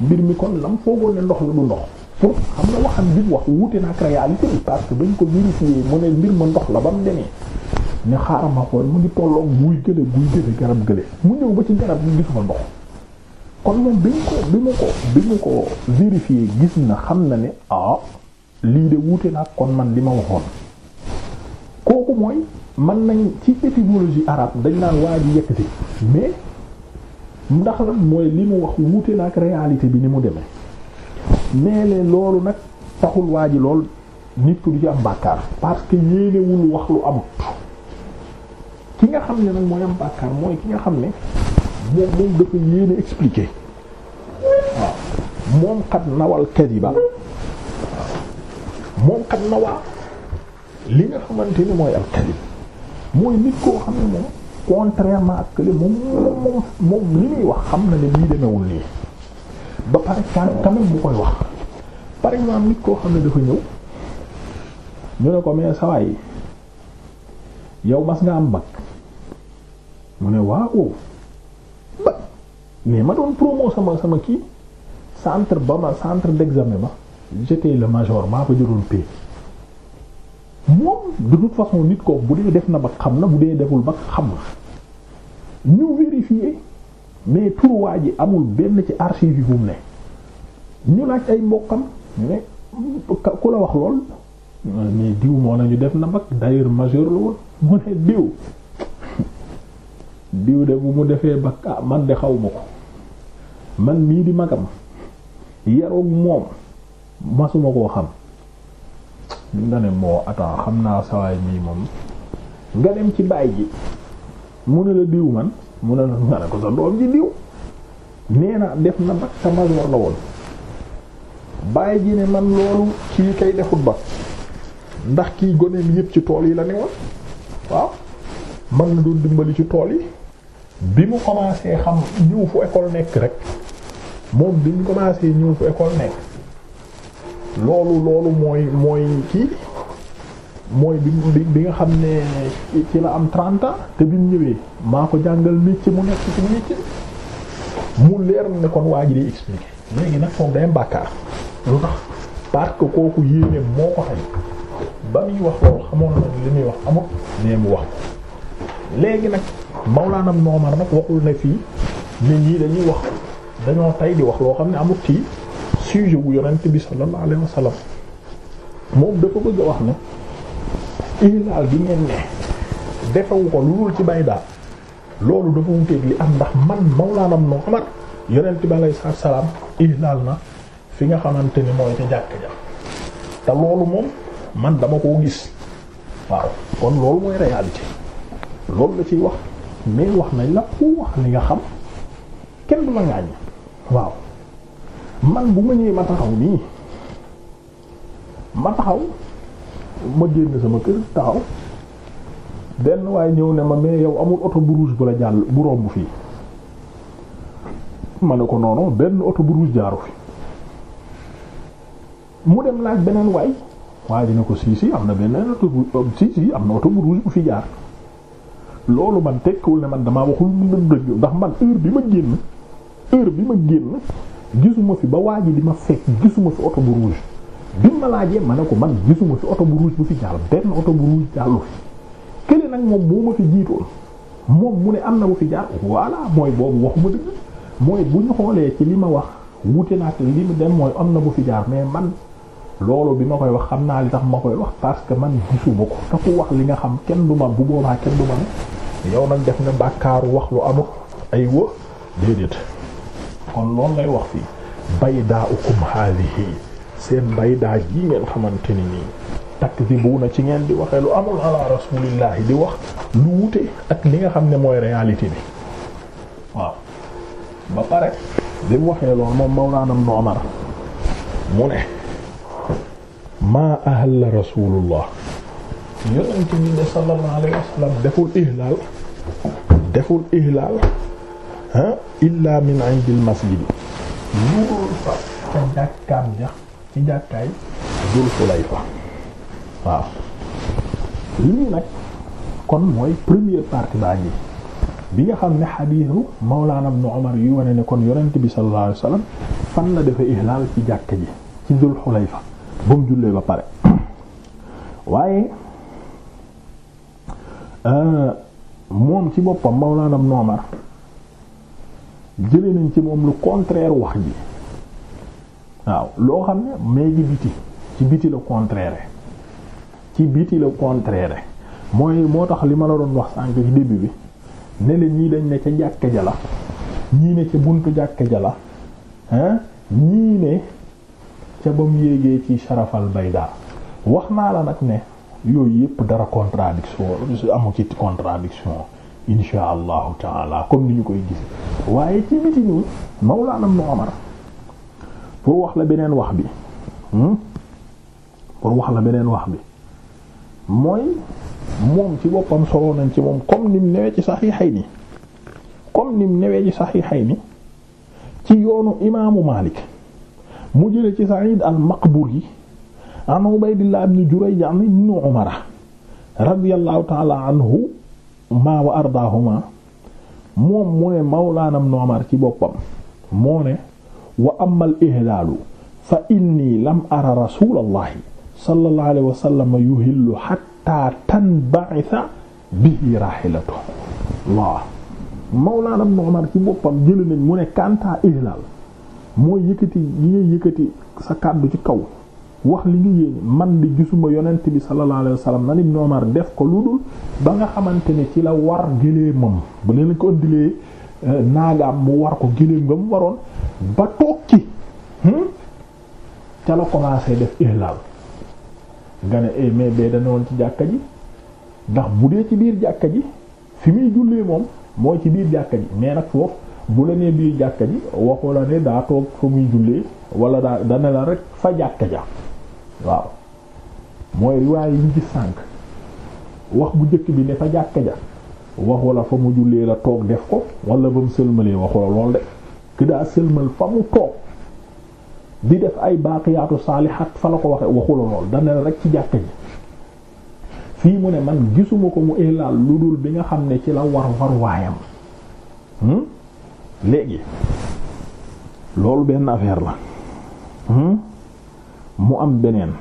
mbir mi kon lam foogoon ne ndox la du ndox pour xam nga xam bi mu wax wuute na ak réalité parce que bañ ko vérifié mu ne mbir ma ndox la ba mu demee ne xaaral ma xool mu ngi tolloog guy gële guy gële garab gële mu ñëw ba ci garab gi gisuma ndox kon moom bi ko bi mu ko bi mu ko vérifié gis na xam na ne ah lii de wuute na ak kon man li ma waxoon kooku mooy mën nañ ci étymologie arabe dañ naan waa ji yëkkati mais. ndax la mooy li mu wax wuute na ak réalité bi ni mu demee mais leen loolu nag taxul waa ji lool nit ku du ci am bàkkaar parce que yéenewul wax lu amut ki nga xam ne nag mooy am bàkkaar mooy ki nga xam ne moom moom dafa yéene expliquer waaw moom xat nawal kadiba moom xat nawaa li nga xamante ni mooy al kadib mooy nit koo xam ne moom contrairement ak kële moom moom moom li muy wax xam na ne lii demewul lii ba pare quand même bu koy wax par exemple nit koo xam ne dafa ñëw ñu ne ko mais sawaay yow mas nga am bac mu ne waaw bac mais ma doon promo sama sama kii centre ba ma centre d'examen ba j'étais le major maa fa jëloon p moom de toute façon nit ko bu dee def na ba xam na bu dee deful bac xam na ñu vérifier mais turuwaa ji amul benn ci archive yi bu mu ne ñu laaj ay mbokkam ñu ku la wax lool mais diw moo na bac d'ailleurs majeur la woon mu diw de bu mu defee bac ah, man di xaw ma ko man mii di magam yaroog moom masuma koo xam nga ne moo attends xam naa sawaay mii moom nga dem ci baay ji mu ne la diw man mu ne la nga ne ko sa doom ji diw nee na def na bac ta major la woon baay ji ne man loolu ci kay defut ba ndax kii goneem yëpp ci tool yi la ne woon waaw man na doon dimbali ci tool yi bi mu commencé xam ñëw fu école nekk rek moom bi mu commencé ñëw fu école nekk loolu loolu mooy mooy kii mooy bi bi nga xam ne ci la am 30 te bi ñëwee maa ko jàngal métier mu nekk ci métier mu leer ne kon waa ji expliquer léegi nag moom day bàkkaar kooku yéene moo wax loolu na li muy wax amut mu wax ko léegi nag mawlaanam noomar nag waxul ne fii nit ñi dañuy wax dañoo tay di wax loo xam ne amut tii sujet bu yonent bi sallallahu alayhi wa moom dafa bëgg a wax ne ilaal bi ngeen defewu ko lu dul ci bay daal loolu dafa wuteeg li am ndax man moom mawlaana Ibn Umar yonent bi alayhi salaatu salaam ilaal na fi nga xamante ni mooy ca jàkk ja te loolu moom man dama koo gis waaw kon loolu mooy réalité loolu la ciy wax mais wax nañ la ku wax li nga xam kenn ma la ngaañ waaw man bu ma ñëwee ma taxaw nii ma taxaw ma génn sama kër taxaw benn waaye ñëw ne ma mais yow amul oto bu rouge bu la jàll bu romb fii ma ne ko noonu benn oto bu rouge jaaru fi mu dem laaj beneen waay waaye dina ko si si am na beneen oto bu euh, si am na oto bu rouge fi jaar loolu man tekkiwul ne man damaa waxul lu dëgg ndax man heure bi ma génn heure bi ma génn gisuma fi ba waa ji di ma fekk gisuma fi oto bu rouge bi ma laajee ma ne ko man gisuma fi oto bu rouge bu fi jàll benn oto bu rouge jàllu fi kële nag moom moo ma fi jiitoon moom mu ne am na bu fi jaar voilà mooy boobu waxuma dëgg mooy bu ñu xoolee ci li ma wax wuute naa te li mu dem mooy am na bu fi jaar mais man loolu bi ma koy wax xam naa li tax ma koy wax parce que man gisuma ko te ku wax li nga xam kenn du ma bu boobaa kenn du ma ne yow nag def nga bàkkaaru wax lu amul ay wa déedéet kon loolu lay wax fii baydaa ukum haalihi seen baydaa ji ngeen xamante ni nii takdibuna ci ngeen di waxe lu amul ala rasulillahi di wax lu wute ak li nga xam ne mooy réalité bi waaw ba pare bi mu waxee loolu moom mawlaana ibn Umar mu ne maa ahalla rasulullah yonent bi sallallahu alayhi wa sallam deful ihlaal deful ihlaal illa min indil masjidi lool fa ca jàkkaam ja ci jàkkaay dul fulay fa waaw lii nag kon mooy première partie baa ngi bi nga xam ne xadiisu Mawlaana Ibn Umar yu wane ne kon yonent bi sallallahu alayhi wasallam fan la defe ihlaal ci jàkka ji ci dul xulay fa ba mu jullee ba pare waaye euh, moom ci boppam Mawlaana Ibn Umar jëlee nañ ci moom lu contraire wax ji waaw loo xam ne may gi biti ci biti la contraire ci biti la contraire mooy moo tax li ma la doon wax sànq ci début bi ne la ñii dañ ne ca jàkka ja la ñii ne ca buntu jàkka ja la hein ñii ne ca ba mu yéegee ci sarafal bayda wax naa la nag ne yooyu yëpp dara contradiction amu ci contradiction insha allahu taala comme ni ñu koy gise waaye ci biti nii mawlaana ibn Umar pour wax la beneen wax bi hmm? pour wax la beneen wax bi mooy moom ci boppam solo nañ ci moom comme ni mu newee ci Sahihayni comme ni mu newee ci yoonu imaamu Maalik ci Sa'id al-Maqburi an Ubaydillah ibn Jurayj an ibn Umar radiyallahu ta'ala anhu ma wa ardaahuma moom mu ne mawlaanam noomar ci boppam moo ne wa amma al ihlaalu fa inni lam ara rasulallahi sallallahu alayhi wa sallam yuhillu hatta tanba'itha bihi rahilatu waaw mawlaanam ci boppam jëli nañ mu ne kantaa ihlaal mooy yëkkati yi ngay yëkkati sa kàddu ci kaw wax li nga yéene man bi gisuma yonent bi sallallahu alayhi wasallam man ibn Umar def ko lu dul ba nga xamante ne ci la war géléemam bu leen ko ëndilee euh, naagaam mu war ko géléem ba mu waroon ba toog ci hmm? ca la commencé def ihlal nga ne eh mais bee dana woon ci jàkka ji ndax bu dee ci biir jàkka ji fi muy jullee moom mooy ci biir jàkka ji mais nag foofu bu la nee biir jàkka ji waxu la ne daa toog fa muy jullee wala daa dana la rek fa jàkka ja waaw mooy riwaay yi ñu ci sànq wax bu njëkk bi ne fa jàkka ja waxu la fa mu jullee la toog def ko walla ba mu sëlmalee waxu la lool de ki daa sëlmal fa mu toog di def ay baaqiyaatu saalihaat fa la ko waxee waxu la lool dana rek ci jàkka ji fii mu ne man gisuma ko mu ihlaal lu dul bi nga xam ne ci la war war waayam hmm? léegi loolu benn affaire la hmm? mu am beneen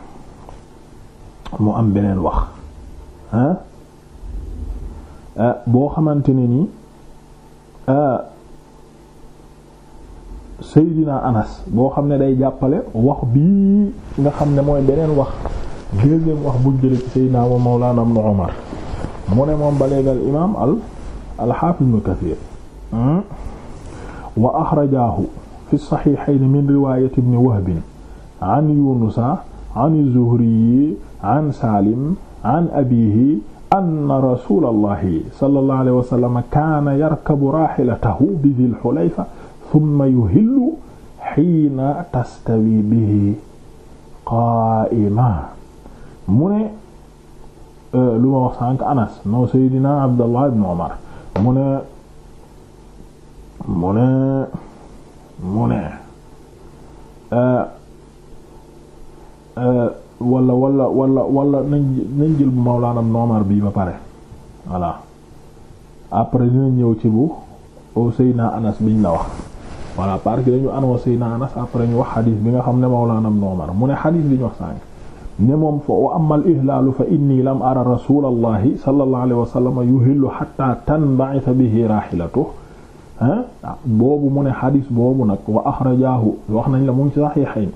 mu am beneen wax euh, boo xamante ne nii euh, Seydina Anas boo xam ne day jàppale wax bii nga xam ne mooy beneen wax deuxième wax bu jële ci Seydina wa Mawlana Ibn Umar mu ne moom ba léegi al imaam al al-Hafiz Ibn Kathir wa axrajaahu fi as min riwaayati Ibn Wahb an yunusa an zuhriyi an salim an abihi anna rasulallahi sallallahu alayhi wa sallam kaana yarkabu raahilatahu bi dhil hulayfa thumma yuhillu hiina tastawi bihi qaa'iman mu ne euh, lu ma wax sànq Anas noo Seydina Abdallah ibn Umar mu ne mu ne mu ne euh, Euh, wala wala wala wala nañ nañ jël bu mawlaanam noomar bi ba pare voilà après dina ñëw ci bu Seydina Anas biñ la wax voilà parce que dañu anoo Seydina Anas après ñu wax xadiis bi nga xam ne mawlaanam noomar mu ne xadiis bi ñu wax sànq ne moom fa wa amma al ihlaalu fa inni lam ara rasulallahi sallallahu alayhi wa sallam yuhillu hatta tanba'itha bihi raahilatuhu ah boobu mu ne xadiis boobu nag wa axrajaahu wax nañ la mu ngi yi saxiixayn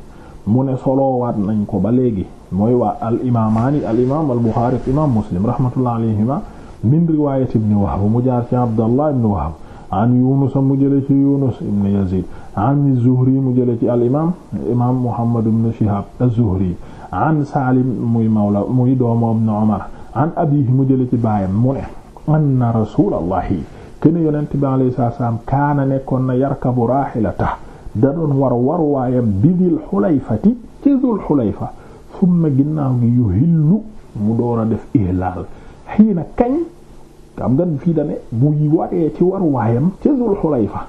mu ne soloowaat nañ ko ba léegi mooy waa al imaamaani al imaam al buxaari ak imaam muslim rahmatullah alayhima min riwaayati ibn wahb mu jaar ci abdallah ibn wahb an yunus mu jële ci yunus ibn yazid an zuhri mu jële ci al imaam imaam muhammad ibn shihab az-zuhri an salim muy mawla muy doomu ibn umar an abiihi mu jële ci baayam mu ne anna rasulallahi kene yonent bi alayhi salaam kaana nekkoon na yarkabu raahilatahu da doon war war waayam bi dil xulayfati ci dul xulayfa summa ginnaaw gi yu hillu mu door a def ihlaal xiina kañ am nga fii dane bu waree ci war waayam ci dul xulayfa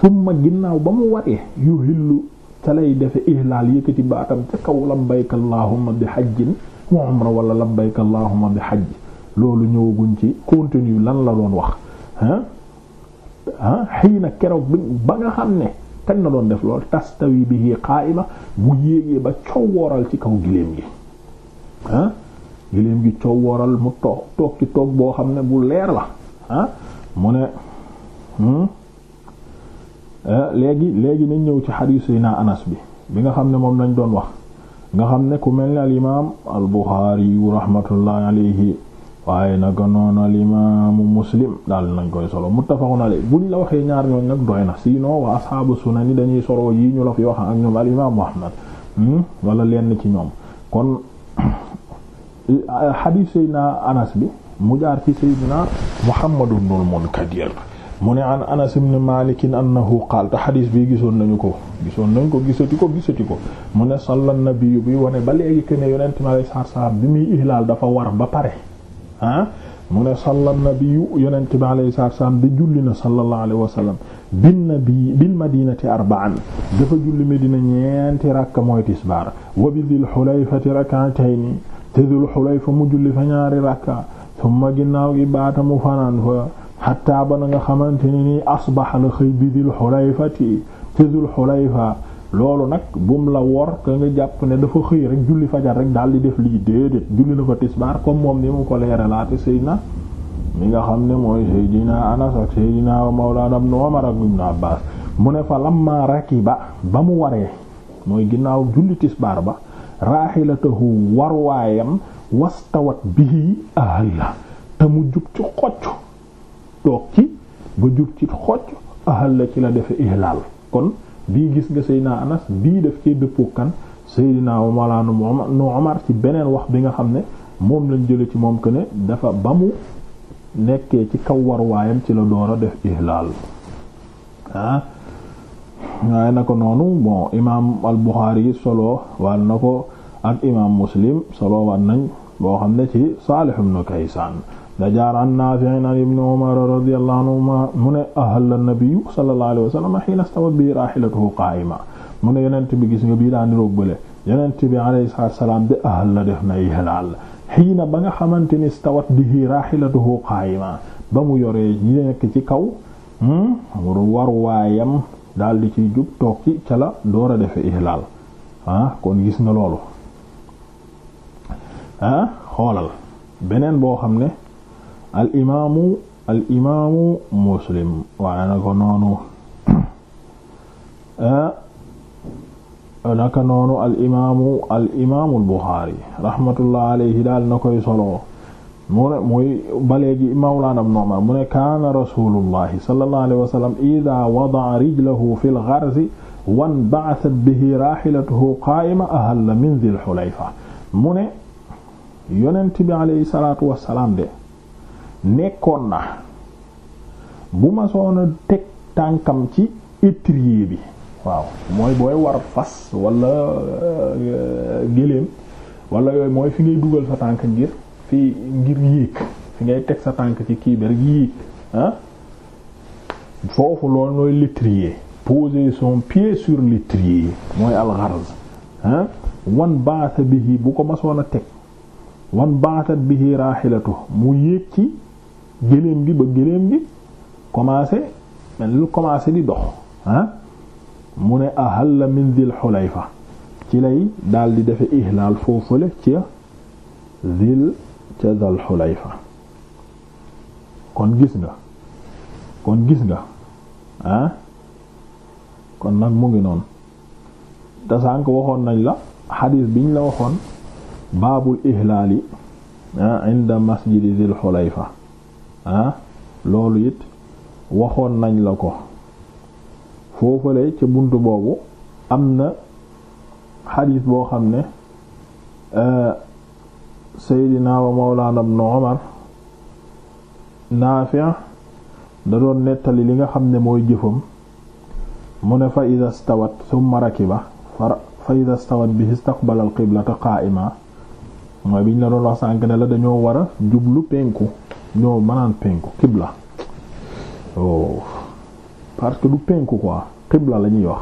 summa ginnaaw ba mu waree yu hillu ca lay defe ihlaal yëkkati baatam ca kaw labbayka allahumma bi hajjin wa umra wala labbayka allahumma bi hajj loolu ñëwaguñ ci contenu lan la doon wax ah ah xiina keroog ba nga xam ne kañ na doon def lool tastawi bihi qaa'ima bu yéegee ba coow wooral ci kaw giléem gi ah giléem gi coow wooral mu toog toog ci toog boo xam ne bu leer la ah mu ne hmm? eh, léegi léegi nañ ñëw ci xadiis yi naa anas bi bi nga xam ne moom lañ doon wax nga xam ne ku mel ni al imaam al buxaari rahmatullahi alayhi waaye naka noonu al imaamu muslim daal nañ koy solo muttafaqun alayhi buñ la waxee ñaar ñooñ nag doy na sinon waa asxaabu sunani dañuy soroo yi ñu la fi wax ak ñoom al imaamu ahmad hmm? wala lenn ci ñoom kon xadiis saydna anas bi mu jaar ci saydna muhammad ibnul munkadir mu ne an anas ibn malik annahu qaal te xadis bi gisoon nañu ko gisoon nañ ko gisati ko gisati ko mu ne salla nabiyu bi wane ba léegi ke ne yonent mi bi muy ihlaal dafa war ba pare ah mu ne salla nabiyu yonente bi alayhi salaatu wasallam da julli na sallallahu alayhi wa sallam bin nabi bil madinati arba'an dafa julli Medina ñeenti rakka mooy tisbaar wa bi Dul Hulayfati rak'atayni te Dul Hulayfa mu julli fa ñaari rakka summa ginnaaw gi baata mu fanaan fa hatta ba nga xamante ne nii asbaha la xëy bi Dul Hulayfati te Dul Hulayfa loolu nag bum la wor ka nga jàpp ne dafa xëy rek julli fajar rek daal di def lii déedéet julli na fa tisbaar comme moom ni mu ko leeralaate Seydina mi nga xam ne mooy Seydina Anas ak Seydina Mawlana Ibn Umar ak Ibn Abbas mu ne fa lamma rakiba ba mu waree mooy ginnaaw julli tisbaar ba raahilatahu warwaayam wastawat bihi ahalla te mu jub ci xocc toog ci ba jub ci xocc ahalla ci la defe ihlaal kon bii gis nga Seydina Anas bii daf cee dëppoo kan Seydina Mawlaana nu Omar ci beneen wax bi nga xam ne moom lañ jële ci moom que ne dafa ba mu nekkee ci kaw war waayam ci la door a def ihlaal ah waaye na ko noonu bon imaam al Buxaari solo waal na ko ak imaam Muslim solo waat nañ boo xam ne ci Saalih ibn Kaysaan dajaar an naafi'in an ibni umar radiyallahu anhuma mu ne ahalla nabiyu sallallahu alayhi bi raahilatuhu qaa'ima mu ne yonent bi gis nga bii daa niroog bële yonent bi alayhi salaatu de ahalla def na ihlaal hiina ba nga xamante ni stawat bi raahilatuhu qaa'ima ba mu yoree ñi nekk ci kaw hmm, war waayam daal di ciy jub toog ci ca la door a defee ihlaal ah, kon gis nga loolu ah beneen boo xam ne al imaamu al imaamu muslim waaye naka noonu eh, naka noonu al imaamu al imaamu al buxaari rahmatullah alayhi daal na koy solo mu ne muy ba léegi mawlaana ibn Umar mu ne kaana rasuulullahi sallallahu alayhi wa sallam idaa wada'a rijlahu fil gharzi wanba'athat bihi raahilatuhu qaa'ima ahalla min dhil hulayfa mu ne yonent bi alayhi salaatu wa salaam de nekkoon na bu ma a teg tànkam ci étrier bi waaw mooy booy war fas wala euh, géléem wala yooyu mooy fi ngay dugal sa tànk ngir fi ngir yéeg fi ngay teg sa tànk ci kii bi rek yéeg ah foofu loolu mooy l'étrier poser son pied sur l'étrier mooy alxaraz ah wan baata bihi bu ko masoon a teg wan baatat bihi raahilatu mu yéeg ci géléem gi ba géléem gi commencé mel lu commencé di dox ah mu ne ahalla min Dhil fa ci lay daal di defe ihlaal foofule ci Dhil ca Dhil Hulayfa kon gis nga kon gis nga ah kon nag mu ngi noonu te sànq waxoon nañ la xadiis biñ la waxoon baabul ihlaali ah inda masjidi Dhil fa ah loolu it waxoon nañ la ko foofale ca bunt boobu am na xadiis boo xam ne eh, Seydina wa Mawlana ibn Umar Naafi' da doon nettali li nga xam ne mooy jëfam mu ne fa ida stawat thumma ba fa ida stawat bi istaqbala al qiblata qaa'ima mooy biñ la doon wax sànk ne la dañoo war a jublu penku non manaan penku xibla oh parce que du penku ko xibla la ñuy wax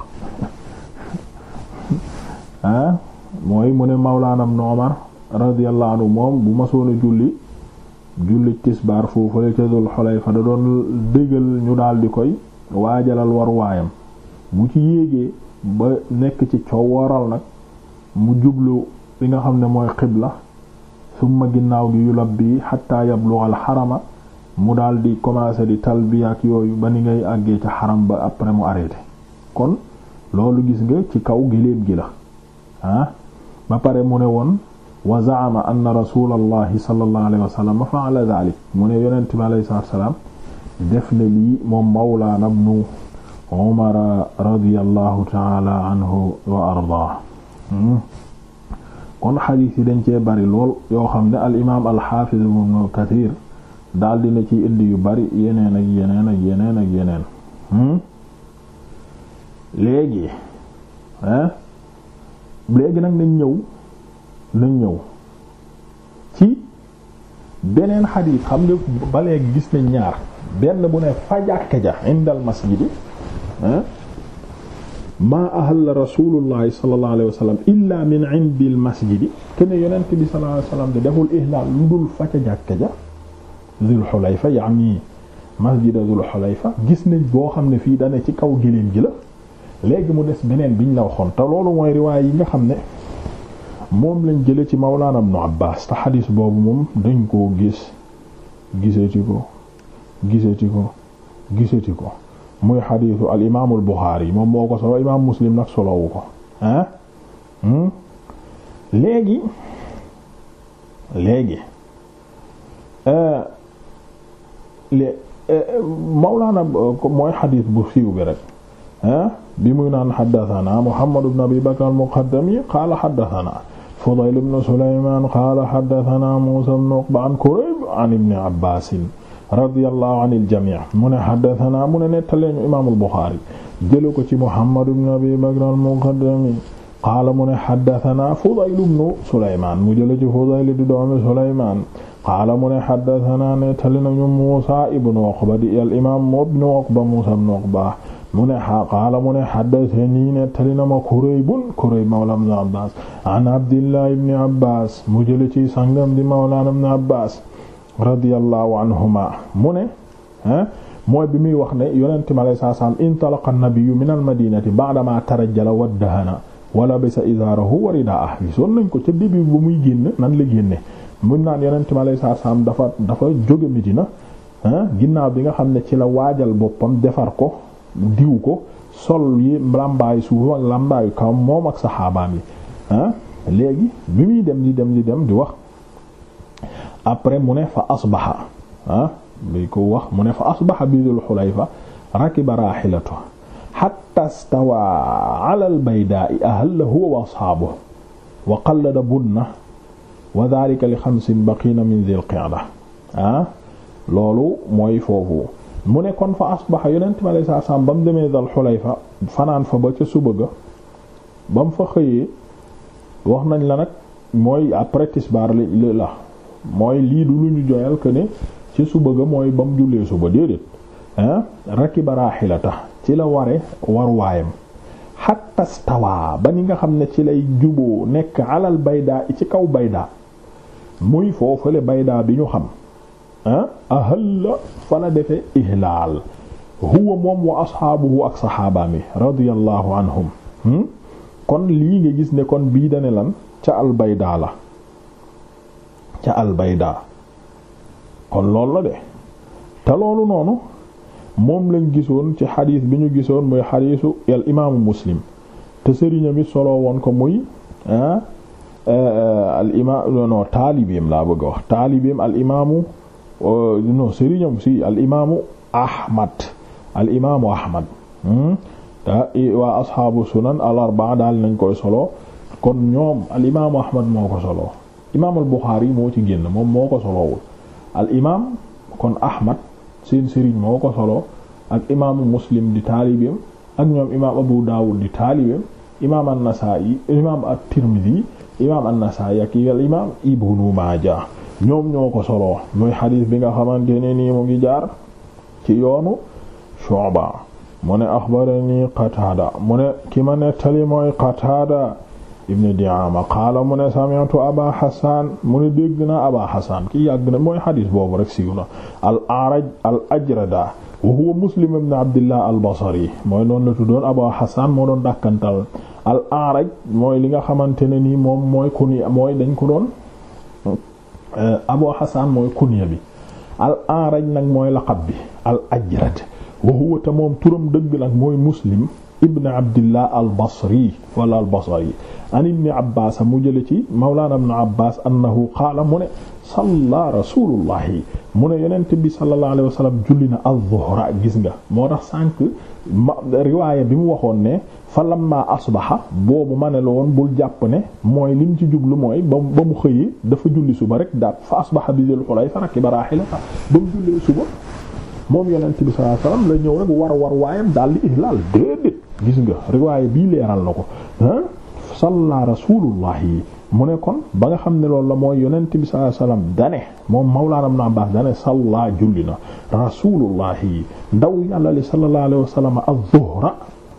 ah mooy mu ne mawlaanam noomar radiyallahu anhu moom bu ma a julli julli tisbaar foofu la ca Dul Xulayfa da doon dëggal ñu daal koy waajalal war waayam bu ci yéegee ba nekk ci coow waral nag mu jublu li nga xam ne mooy xibla summa ginnaaw gi yulabbi xatta yabluga al xarama mu daal di commencer di talbiya ak yooyu ba ni ngay àggee ca xaram ba après mu arrêté kon loolu gis nga ci kaw giléem gila la ah, ba pare mu ne woon wa zaama anna rasulallahi sallallahu alayhi wa sallam fa'ala dhalik mu ne bi alayhi salaatu wa salaam def na ta'ala anhu wa ardaa hmm. kon xadiis yi dañ cee bari lool yoo xam ne al imaam al xaafiz ibnu kathir daal dina ci indi yu bari yeneen ak yeneen ak yeneen ak yeneen hmm? léegi léegi nag nañ ñëw nañ ñëw ci beneen xadiis xam nga ba gis nañ ñaar benn bu ne fa jàkka ja indal masjidi hein maa ahalla rasulullahi sallallahu alayhi wa sallam illa min indil masjidi kene yonent bi sallallahu alayhi wa sallam de deful ihlal lu dul fa ca jàkka ja Zul Xulayfa yaani masjida Zul Xulayfa gis nañ boo xam ne fii dana ci kaw géléem gi la léegi mu des beneen biñ la waxoon te loolu mooy riwaay yi nga xam ne moom lañ jële ci Mawlaana Ibnu Abbaas te xadiis boobu moom dañ koo gis gisati ko gisati ko gisati ko muy xadiisu al imaamul Buxaari moom moo ko solo imaam Muslim nag solowu ko ah léegi léegi euh, lé euh, Mawlaana euh, mooy xadiis bu siiw bi rek ah bi muy naan xaddasanaa Muhammad ibn Abi Bakr al-Muqaddami qaala xaddasanaa Fudayl ibn Sulaymaan qaala xaddasanaa Muusaa ibn Uqba an Kurayb an ibn Abbaasin radiyallahu anil jamii mu ne haddathana mu ne nettaleeñu imaamul Buxaari jële ko ci Muhammad ibn Abi Bakr al-Muqaddami qaala mu ne haddathana Fudayl ibn Sulaymaan mu jële ci Fudayl di doomi Sulaymaan qaala mu ne haddathana nettali nañu Muusaa ibn Uqba di al-imaam ibn Uqba Muusaa ibn Uqba mu ne qaala mu ne haddathanii nettali na ma Kuraybun Kurayb mawlaa ibn Abbaas an Abdillah ibn Abbaas mu jële ci sangam di mawlaa ibn Abbaas radiyallahu anhuma mu ne mooy bi muy wax ne yonente mi alayhi salaam intalaqa an-nabiyyu min al-madinati ba'dama tarajjala waddahana wa labisa izaarahu wa ridaahu gisoon nañ ko ca début bu muy génn nan la génne mun naan yonente mi alayhi salaam dafa dafa jóge Medina ginnaaw bi nga xam ne ci la waajal boppam defar ko diw ko sol yi lambaayu suuf ak lambaayu kaw moom ak saxaabaam yi léegi bi muy dem di dem di dem di wax après mu ne fa asbaxa ah luy ko wax mu ne fa asbaxa bi Dul Xulayfa rakiba raxilatu xatta stawaa ala albaydaa'i ahalla huwa wa ashaabuhu wa qallada bunna wa daalika li xamsin baqiina min Dil Qa'da ah loolu mooy foofu mu ne kon fa asbaxa yonent mi alayhi salaam ba mu demee Dul Xulayfa fanaan fa ba ca suba ga fa xëyee wax nañ la nag mooy après tisbaar la la mooy lii du lu ñu joyal que ne ci suba ga mooy ba mu jullee suba déedéet ah rakiba raahilata ci la ware war waayam hatta stawa ba ni nga xam ne ci lay juboo nekk alal baydaa ci kaw baydaa muy foofale baydaa bi ñu xam ah ahalla fa la defee ihlaal huwa moom wa ashaabuhu ak saxaabaami radiyallahu anhum hmm? kon lii nga gis ne kon bii dane lan ca albaydaa la ca albayda kon loolu la de te loolu noonu moom lañ gisoon ci xadiis bi ñu gisoon muy xadiisu al imaamu muslim te sëriñam it solo woon ko muy ah eh, al imaam non laa bëgg a wax taalibeem al imaamu eh, non sëriñam si al Ahmad al imaamu Ahmad hmm? te waa asxaabu sunan al arbaa daal nañ koy solo kon ñoom al imaamu Ahmad moo ko solo. imaam al Buxaari moo ci génn moom moo ko solowul al imaam kon Ahmad seen sëriñ moo ko solo ak imaamu Muslim di taalibeem ak ñoom imaam Abu Daawud di taalibeem imaam an-Nasaa'i imaam at-Tirmidhi imaam an-Nasaa'i ak al imaam Ibnu bi nga xamante ne nii mu ngi yoonu Shu'ba Qataada ki ma nettali mooy Qataada ibn Di'ama qaala mu ne sami'tu Aba Hassan mu ne dégg naa Aba Hassan kii yàgg na mooy xadis boobu rek siiw na al-A'raj al-Ajrada wa huwa Muslim ibn Abdillah al mooy noonu la tuddoon Aba Hassan moo doon dàkkantal al mooy li nga xamante ne nii moom mooy kunya mooy dañ ko doon eh, Abu Hassan mooy kunya bi al nag mooy laqab bi al-Ajrad wa huwa te moom turam dëgg nag mooy Muslim ibn Abdillah al wala al an ibni abbas mu jële ci mawlaana ibn abbas annahu qaala mu ne salla rasulullahi mu ne yonent bi sallallahu alayhi wa sallam julli na az-zuhra gis nga moo tax sànq ma riwaaya bi mu waxoon ne fa lamma asbaha boobu ma ne la woon bul jàpp ne mooy lim ci jublu mooy ba ba mu xëyee dafa julli suba rek daat fa asbaha bi Dul Xulayfa rakiba raahilata ba mu jullee suba moom yonent bi sallallahu alayhi wa sallam la ñëw rek war war waayam daal di ihlaal déedéet gis nga riwaaya bii leeral na ko ah salla rasulullahi mu ne kon ba nga xam ne loolu la mooy yonent bi sallallahu alayhi wasallam dane moom mawlaana ibn Abbaas dane salla julli na rasulullahi ndaw yàlla li sallallahu alayhi wasallam az-zuhra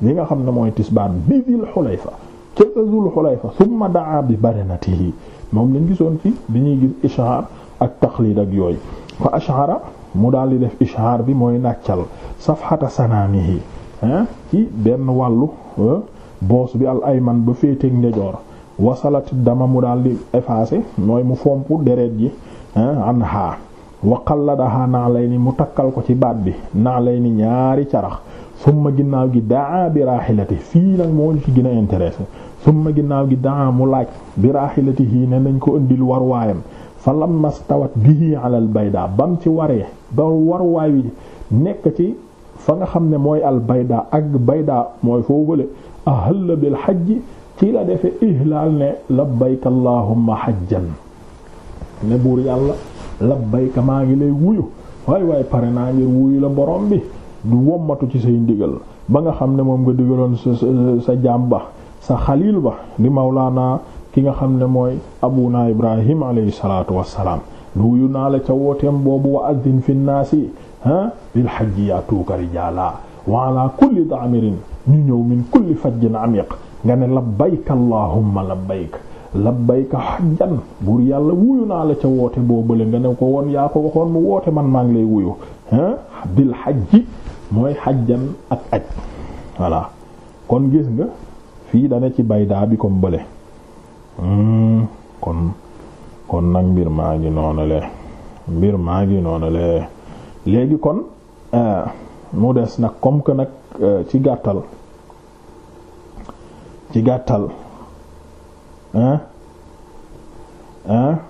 li nga xam ne mooy tisbaar bi Dul Xulayfa ca Dul Xulayfa summa daa bi badanatihi moom lañ gisoon ci bi ñuy gis ishaar ak taqlid ak yooyu fa ashara mu daal di def ishaar bi mooy nàccal safhata sanaamihi ci benn wàllu boos bi al ayman ba féeteeg ndejoor wasalat dama mu daal di nooy mu fomp deret ji an haa waqalladaha naa lay ni mu takkal ko ci baat bi naa lay ni ñaari carax summa ginnaaw gi daa bi raahilati fii nag moo ñu ci gën a intéressé summa ginnaaw gi daa mu laaj bi raahilati yii ne nañ ko indil war waayam fa lamma stawat bihi ala al baydaa bam ci waree ba war wi nekk ci fa nga xam ne mooy al baydaa ak bayda mooy foo ahalla bil xajji ci la defe ihlaal ne labbayka allahumma xajjan ne buur yàlla labbayka maa ngi lay wuyu waay waaye pare naa ngir wuyu la borom bi du wommatu ci say ndigal ba nga xam ne moom nga digaloon sa sa jaam ba sa xaliil ba di mawlaana ki nga xam ne mooy abuna ibrahim alayhi salaatu wassalaam wuyu naa la ca wooteem boobu wa addin fi nnaasi ha bil xajji yaatuuka rijaala wala kulli daamirin ñu ñëw min kulli fajjin amiq nga ne labbayka allahumma labbayk labbayka hajjan buur yàlla wuyu naa la ca woote boobale nga ne ko won yaa ko waxoon mu woote man maa ngi lay wuyu hein bil hajji mooy hajjan ak aj voilà kon gis nga fii dana ci baydaa bi comme bële hmm, kon kon nag mbir maa ngi noonale mbir maa ngi noonale léegi kon euh, mu des nag comme que nag euh, ci gàttal ci gàttal hein hein